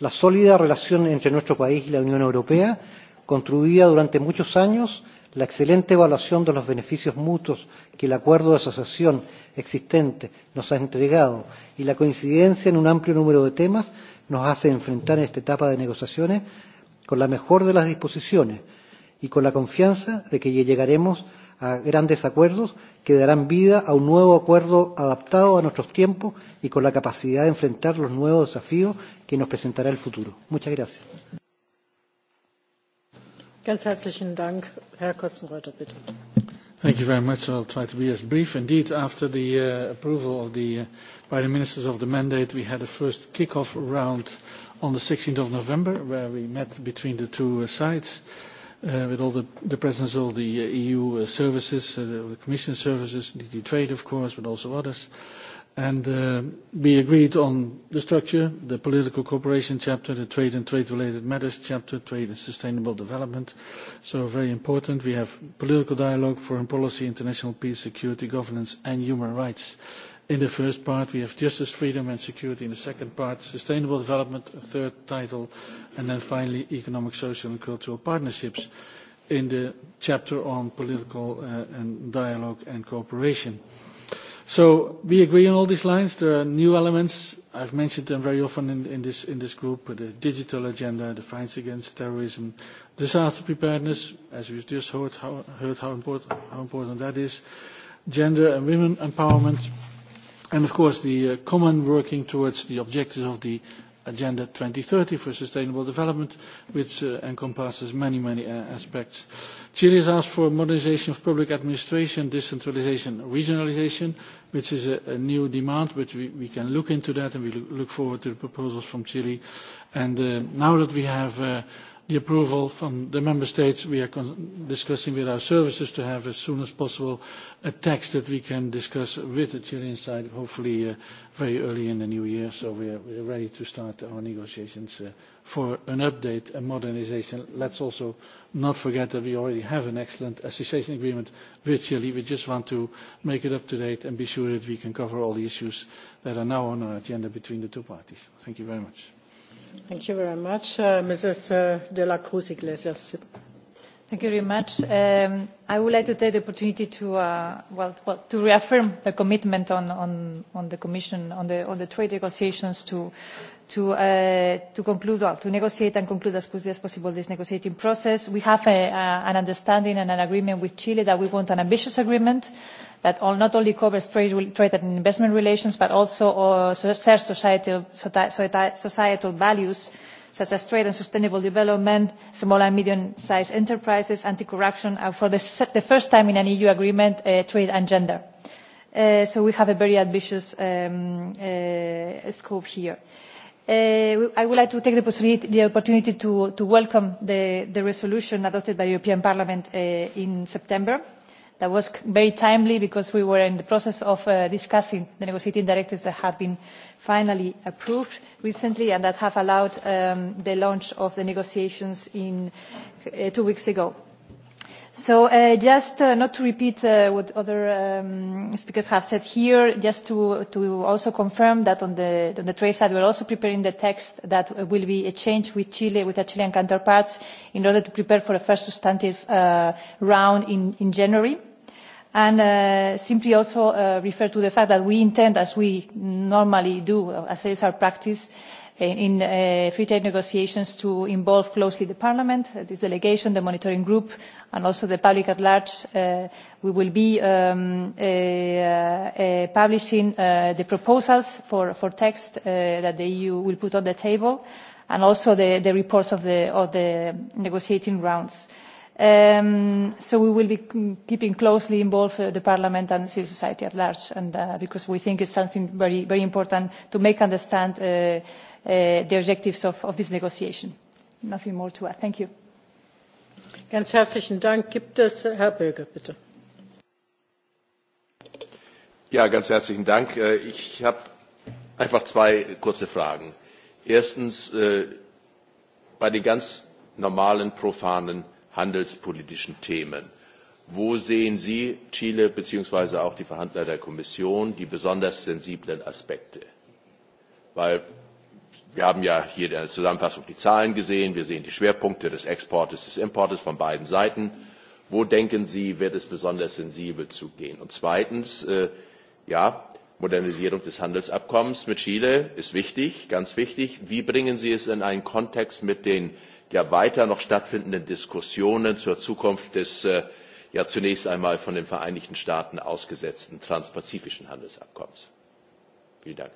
S2: La sólida relación entre nuestro país y la Unión Europea construía durante muchos años la excelente evaluación de los beneficios mutuos que el acuerdo de asociación existente nos ha entregado y la coincidencia en un amplio número de temas nos hace enfrentar en esta etapa de negociaciones con la mejor de las disposiciones y con la confianza de que llegaremos a grandes acuerdos que darán vida a un nuevo acuerdo adaptado a nuestros tiempos y con la capacidad de enfrentar los nuevos desafíos que nos presentará el futuro. Muchas gracias.
S1: herzlichen Dank, Herr Kotzenreuther, bitte.
S3: Thank you very much. I'll try to be as brief. Indeed, after the uh, approval of the, uh, by the ministers of the mandate, we had a first kick-off round on the 16th of November, where we met between the two uh, sides. Uh, with all the, the presence of the uh, EU uh, services, the Commission services, DG Trade, of course, but also others. And uh, we agreed on the structure, the political cooperation chapter, the trade and trade-related matters chapter, trade and sustainable development. So very important. We have political dialogue, foreign policy, international peace, security, governance, and human rights. In the first part, we have justice, freedom and security. In the second part, sustainable development, a third title, and then finally, economic, social and cultural partnerships in the chapter on political uh, and dialogue and cooperation. So we agree on all these lines. There are new elements. I've mentioned them very often in, in, this, in this group, the digital agenda, the fights against terrorism, disaster preparedness, as we've just heard how, heard how, important, how important that is, gender and women empowerment, and of course the uh, common working towards the objectives of the Agenda 2030 for Sustainable Development, which uh, encompasses many, many uh, aspects. Chile has asked for modernization of public administration, decentralization, regionalization, which is a, a new demand, but we, we can look into that and we look forward to the proposals from Chile. And uh, now that we have uh, the approval from the member states. We are con discussing with our services to have as soon as possible a text that we can discuss with the Chilean side, hopefully uh, very early in the new year. So we are, we are ready to start our negotiations uh, for an update and modernization. Let's also not forget that we already have an excellent association agreement with Chile. We just want to make it up to date and be sure that we can cover all the issues that are now on our agenda between the two parties. Thank you very much.
S1: Thank you much. Uh, uh,
S8: Thank you very much. Um, I would like to take the opportunity to, uh, well, well, to reaffirm the commitment on, on, on the Commission, on the, on the trade negotiations to, to, uh, to conclude, well, to negotiate and conclude as quickly as possible this negotiating process. We have a, an understanding and an agreement with Chile that we want an ambitious agreement that all, not only covers trade, trade and investment relations, but also uh, societal, societal values such as trade and sustainable development, small and medium-sized enterprises, anti-corruption, and for the, the first time in an EU agreement, uh, trade and gender. Uh, so we have a very ambitious um, uh, scope here. I would like to take the opportunity, the opportunity to, to welcome the, the resolution adopted by the European Parliament in September that was very timely because we were in the process of uh, discussing the negotiating directives that have been finally approved recently and that have allowed um, the launch of the negotiations in, uh, two weeks ago. So uh, just uh, not to repeat uh, what other um, speakers have said here, just to, to also confirm that on the, on the trade side, we're also preparing the text that will be a change with Chile, with our Chilean counterparts, in order to prepare for a first substantive uh, round in, in January and uh, simply also uh, refer to the fact that we intend, as we normally do, as is our practice, uh, in free trade negotiations to involve closely the parliament, this delegation, the monitoring group, and also the public at large. we will be um, publishing the proposals for, text that the EU will put on the table, and also the, reports of the negotiating rounds. Um, so we will be keeping closely involved uh, the Parliament and civil society at large, and uh, because we think it's something very, very important to make understand uh, the objectives of, this negotiation. Nothing more to add. Thank you. Ganz
S1: herzlichen Dank. Gibt es äh, Herr Böge, bitte?
S7: Ja, ganz herzlichen Dank. Äh, ich habe einfach zwei kurze Fragen. Erstens, äh, bei den ganz normalen, profanen handelspolitischen Themen. Wo sehen Sie, Chile beziehungsweise auch die Verhandler der Kommission, die besonders sensiblen Aspekte? Weil wir haben ja hier in der Zusammenfassung die Zahlen gesehen, wir sehen die Schwerpunkte des Exportes, des Importes von beiden Seiten. Wo denken Sie, wird es besonders sensibel zugehen? Und zweitens, äh, ja, modernisierung des handelsabkommens mit chile ist wichtig ganz wichtig. wie bringen sie es in einen kontext mit den ja weiter noch stattfindenden diskussionen zur zukunft des äh, ja zunächst einmal von den vereinigten staaten ausgesetzten transpazifischen handelsabkommens? vielen dank.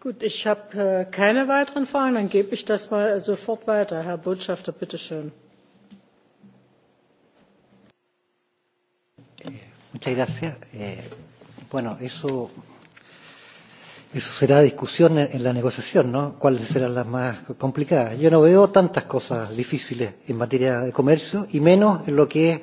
S1: Gut, ich habe äh, keine weiteren Fragen. Dann gebe ich das mal sofort weiter. Herr Botschafter, schön.
S2: Muchas gracias. Eh, bueno, eso, eso será discusión en, en la negociación, ¿no? ¿Cuáles serán las más complicadas? Yo no veo tantas cosas difíciles en materia de comercio y menos en lo que es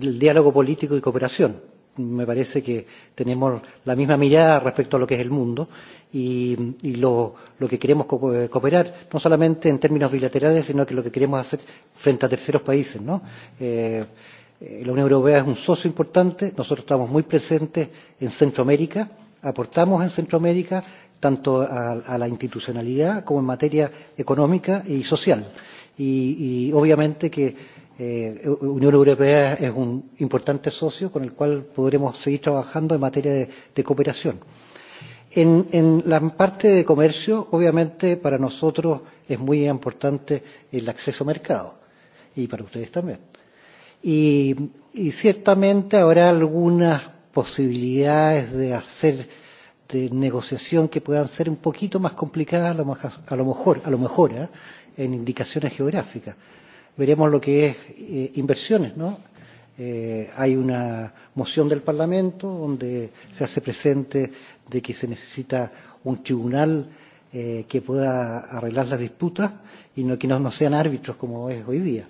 S2: el diálogo político y cooperación. Me parece que tenemos la misma mirada respecto a lo que es el mundo y, y lo, lo que queremos cooperar, no solamente en términos bilaterales, sino que lo que queremos hacer frente a terceros países, ¿no? Eh, Eh, la Unión Europea es un socio importante, nosotros estamos muy presentes en Centroamérica, aportamos en Centroamérica tanto a, la institucionalidad como en materia económica y social. Y, obviamente que eh, Unión Europea es un importante socio con el cual podremos seguir trabajando en materia de, cooperación. En, en la parte de comercio, obviamente para nosotros es muy importante el acceso a mercado y para ustedes también Y, y ciertamente habrá algunas posibilidades de hacer de negociación que puedan ser un poquito más complicadas a lo, más, a lo mejor, a lo mejor ¿eh? en indicaciones geográficas. Veremos lo que es eh, inversiones, ¿no? Eh, hay una moción del Parlamento donde se hace presente de que se necesita un tribunal eh, que pueda arreglar las disputas y no que no, no sean árbitros como es hoy día.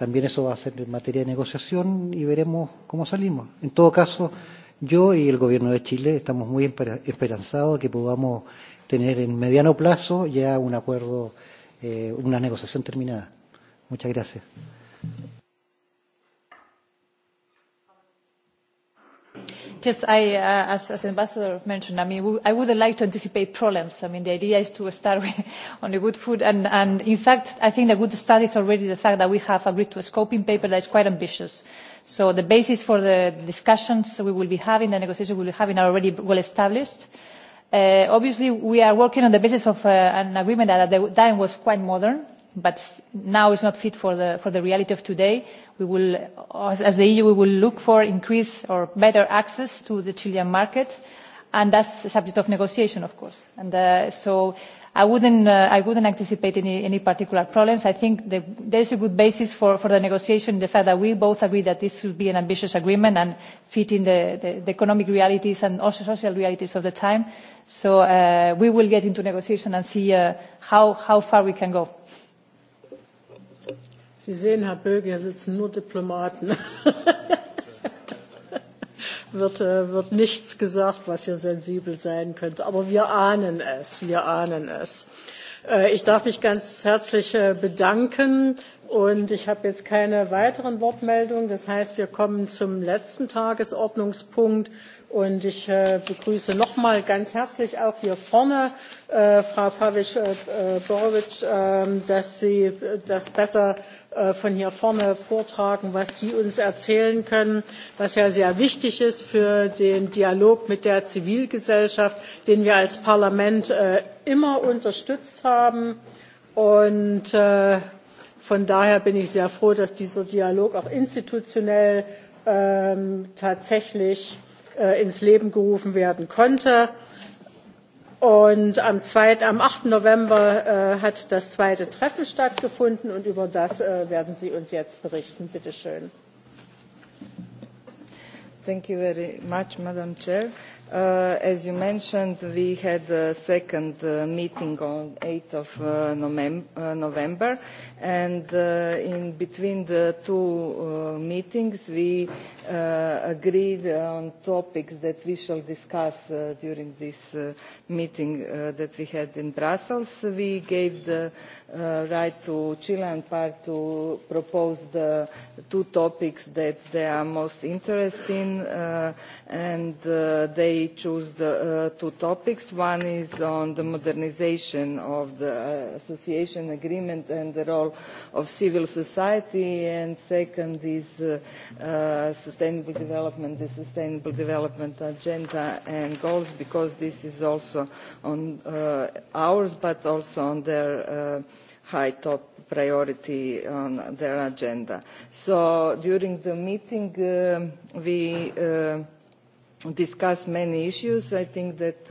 S2: También eso va a ser en materia de negociación y veremos cómo salimos. En todo caso, yo y el Gobierno de Chile estamos muy esperanzados de que podamos tener en mediano plazo ya un acuerdo, eh, una negociación terminada. Muchas gracias.
S8: Yes, I, uh, as, as Ambassador mentioned, I mean, I would like to anticipate problems. I mean, the idea is to start with, on a good foot. And, and in fact, I think the good study is already the fact that we have agreed to a scoping paper that is quite ambitious. So the basis for the discussions we will be having, the negotiations we will be having are already well established. Uh, obviously, we are working on the basis of uh, an agreement that at the time was quite modern, but now is not fit for the, for the reality of today we will, as the EU, we will look for increased or better access to the Chilean market, and that's a subject of negotiation, of course. And uh, so I wouldn't, uh, I wouldn't anticipate any, any particular problems. I think the, there is a good basis for, for the negotiation, the fact that we both agree that this will be an ambitious agreement and fit in the, the, the economic realities and also social realities of the time. So uh, we will get into negotiation and see uh, how, how far we can go.
S1: Sie sehen, Herr Böge, hier sitzen nur Diplomaten. wird, äh, wird nichts gesagt, was hier sensibel sein könnte. Aber wir ahnen es, wir ahnen es. Äh, ich darf mich ganz herzlich äh, bedanken und ich habe jetzt keine weiteren Wortmeldungen. Das heißt, wir kommen zum letzten Tagesordnungspunkt und ich begrüße noch mal ganz herzlich auch hier vorne Frau Pavic Borovic, ähm, dass sie das besser Äh, von hier vorne vortragen, was Sie uns erzählen können, was ja sehr wichtig ist für den Dialog mit der Zivilgesellschaft, den wir als Parlament äh, immer unterstützt haben. Und äh, von daher bin ich sehr froh, dass dieser Dialog auch institutionell ähm, tatsächlich ins Leben gerufen werden konnte Und am, 2., am 8. November äh, hat das zweite Treffen stattgefunden und über
S9: das äh, werden Sie uns jetzt berichten. Bitte schön. Thank you very much, Madam Chair. Uh, as you mentioned, we had a second uh, meeting on 8th of uh, uh, November, and uh, in between the two uh, meetings, we uh, agreed on topics that we shall discuss uh, during this uh, meeting uh, that we had in Brussels. We gave the uh, right to Chile and part to propose the two topics that they are most interested in uh, and they chose the two topics. One is on the modernization of the association agreement and the role of civil society and second is sustainable development, the sustainable development agenda and goals because this is also on uh, ours but also on their uh, high top priority on their agenda. So during the meeting uh, we uh, discuss many issues. I think that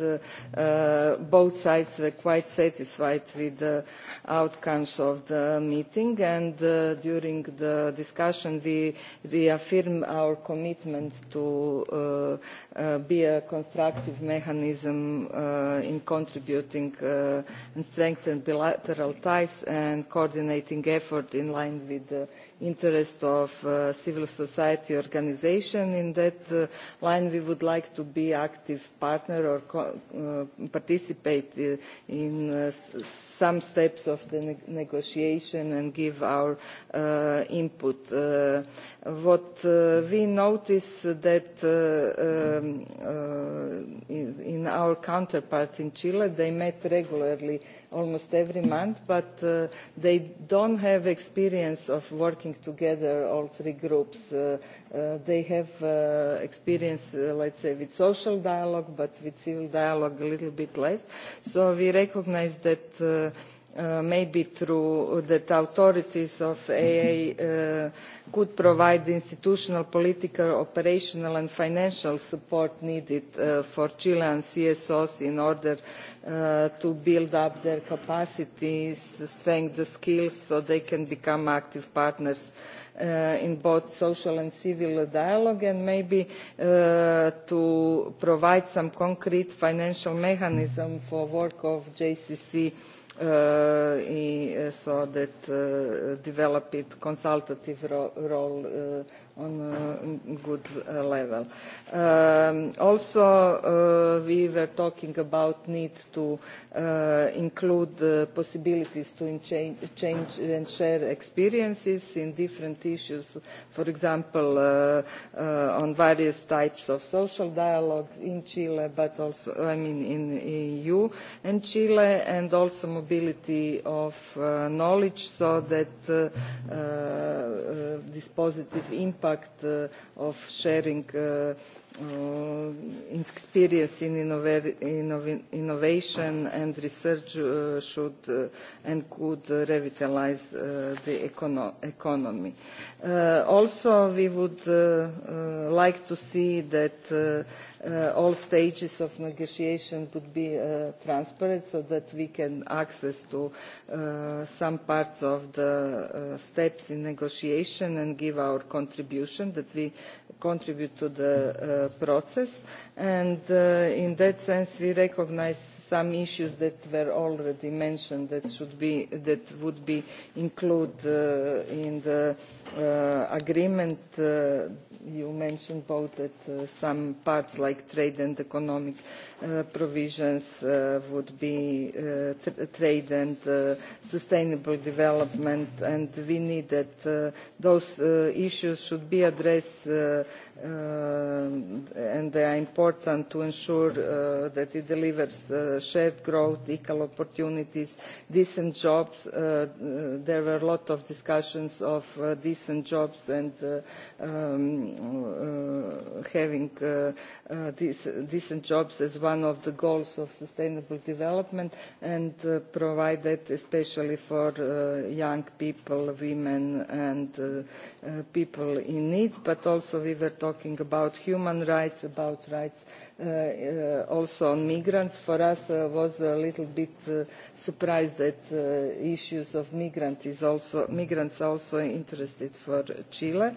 S9: uh, uh, both sides were quite satisfied with the outcomes of the meeting and uh, during the discussion we reaffirm our commitment to be a constructive mechanism in contributing and strengthening bilateral ties and coordinating effort in line with the interest of uh, civil society organization. In that uh, line, we would like to be active partner or co uh, participate uh, in uh, some steps of the ne negotiation and give our uh, input. Uh, what uh, we notice that uh, um, uh, in, in our counterparts in Chile, they met regularly almost every month, but uh, they don't have experience of working together, all three groups. They have experience, let's say, with social dialogue, but with civil dialogue a little bit less. So we recognize that Uh, maybe through that authorities of AA uh, could provide the institutional, political, operational and financial support needed uh, for Chilean CSOs in order to build up their capacities, strength, the skills so they can become active partners in both social and civil dialogue and maybe to provide some concrete financial mechanism for work of JCC uh, i uh, so that uh, developed consultative ro role uh, on a uh, good level. Um, also, uh, we were talking about need to uh, include uh, possibilities to change and share experiences in different issues, for example, uh, uh, on various types of social dialogue in Chile, but also, I mean, in EU and Chile, and also mobility of knowledge so that this positive impact impact uh, of sharing uh, uh, experience in innovation and research should and could revitalize the econo economy. Also, we would like to see that uh, all stages of negotiation would be uh, transparent so that we can access to uh, some parts of the uh, steps in negotiation and give our contribution that we contribute to the uh, process and uh, in that sense we recognise some issues that were already mentioned that should be that would be included in the agreement you mentioned both that uh, some parts like trade and economic uh, provisions uh, would be trade and sustainable development and we need that those issues should be addressed Uh, and they are important to ensure uh, that it delivers uh, shared growth, equal opportunities, decent jobs. There were a lot of discussions of decent jobs and um, having decent jobs as one of the goals of sustainable development and provide that especially for young people, women and people in need, but also we were talking talking about human rights about rights Uh, uh, also on migrants. For us uh, was a little bit surprised that issues of migrant is also, migrants are also interested for Chile.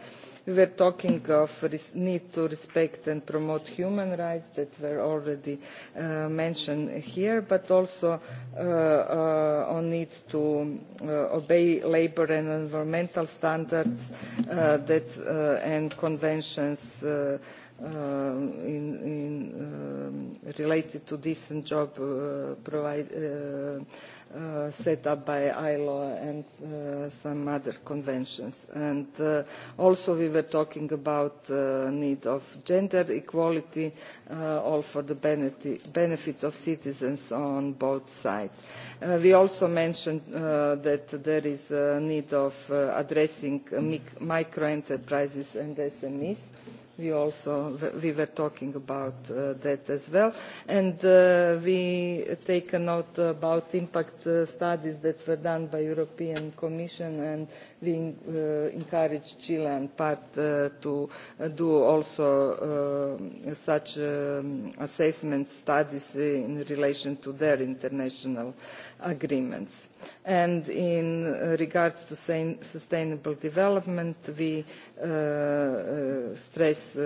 S9: We were talking of need to respect and promote human rights that were already uh, mentioned here, but also uh, uh, on need to obey labour and environmental standards that, and conventions in, in um, related to decent job uh, provide uh, uh, set up by ILO and some other conventions. And also we were talking about the need of gender equality, all for the benefit of citizens on both sides. We also mentioned that there is a need of addressing micro enterprises and SMEs we also we were talking about uh, that as well and uh, we take a note about impact uh, studies that were done by european commission and we encourage Chilean part eh, to eh, do also eh, such assessment studies in relation to their international agreements. And in regards to sustainable development, we stress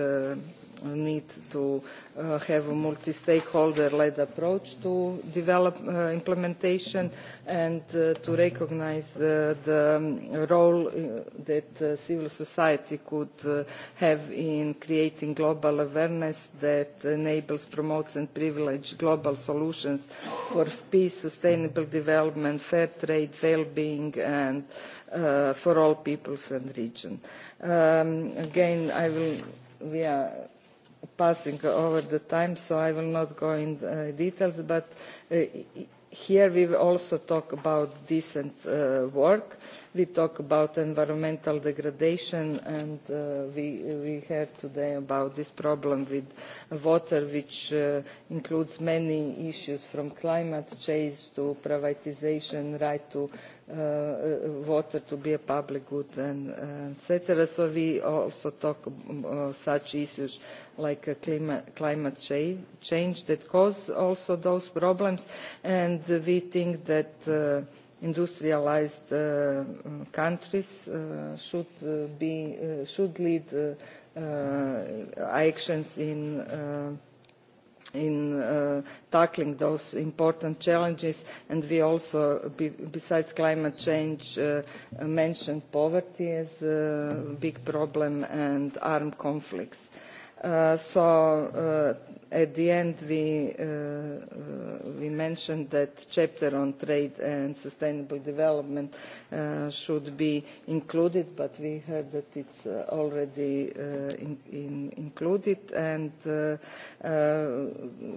S9: need to uh, have a multi-stakeholder led approach to develop uh, implementation and uh, to recognize uh, the role uh, that uh, civil society could have in creating global awareness that enables, promotes and privileges global solutions for peace, sustainable development, fair trade, well-being and for all peoples and regions. Um, again, I will, we are passing over the time, so I will not go into uh, details, but uh, here we also talk about decent uh, work, we talk about environmental degradation, and uh, we, we heard today about this problem with water, which includes many issues from climate change to privatization, right to uh, water to be a public good and etc. So we also talk um, uh, such issues like uh, climate, change, change that cause also those problems and we think that uh, industrialized uh, countries uh, should be uh, should lead uh, actions in in uh, tackling those important challenges and we also be, besides climate change uh, mentioned poverty as a big problem and armed conflicts Uh, so uh, at the end we uh, we mentioned that chapter on trade and sustainable development uh, should be included but we heard that it's already in, included and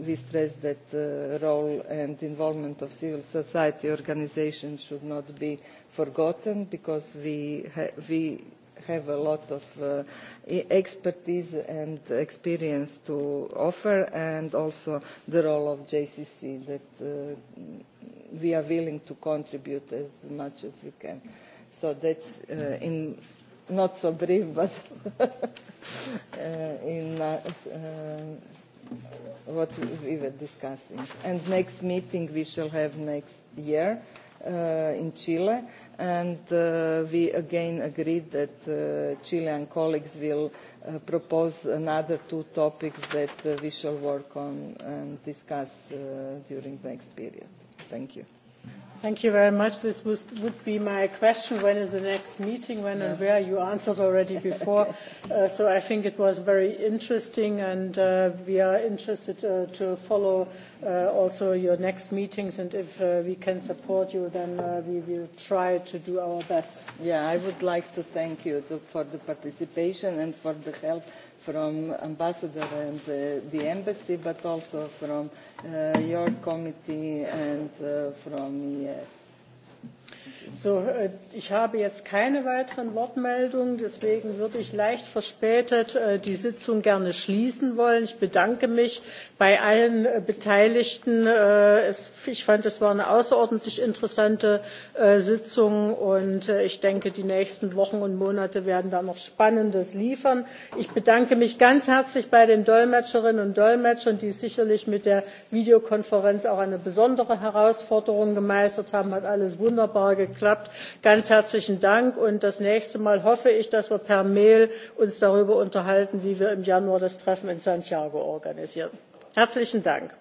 S9: we stress that the role and involvement of civil society organisations should not be forgotten because we we have a lot of uh, e-, expertise and experience to offer and also the role of JCC that uh, we are willing to contribute as much as we can. So that's uh, in not so brief, but uh, in uh, uh, what we were discussing. And next meeting we shall have next year uh, in Chile and uh, we again agreed that uh, Chilean colleagues will uh, propose another two topics that uh, we shall work on and discuss uh, during the next period. Thank you.
S1: Thank you very much. This was, would be my question. When is the next meeting? When yeah. and where? You answered already before. uh, so I think it was very interesting, and uh, we are interested uh, to follow uh, also your next meetings. And if uh, we can support you, then uh, we will try to do our best.
S9: Yeah, I would like to thank you to, for the participation and for the help from ambassador and uh, the embassy, but also from uh, your committee and uh, from EF. So, äh, ich habe jetzt keine
S1: weiteren Wortmeldungen, deswegen würde ich leicht verspätet äh, die Sitzung gerne schließen wollen. Ich bedanke mich bei allen äh, Beteiligten. Ich fand, es war eine außerordentlich interessante Sitzung und ich denke, die nächsten Wochen und Monate werden da noch Spannendes liefern. Ich bedanke mich ganz herzlich bei den Dolmetscherinnen und Dolmetschern, die sicherlich mit der Videokonferenz auch eine besondere Herausforderung gemeistert haben, hat alles wunderbar geklappt geklappt. Ganz herzlichen Dank und das nächste Mal hoffe ich, dass wir per Mail uns darüber unterhalten, wie wir im Januar das Treffen in Santiago organisieren. Herzlichen Dank.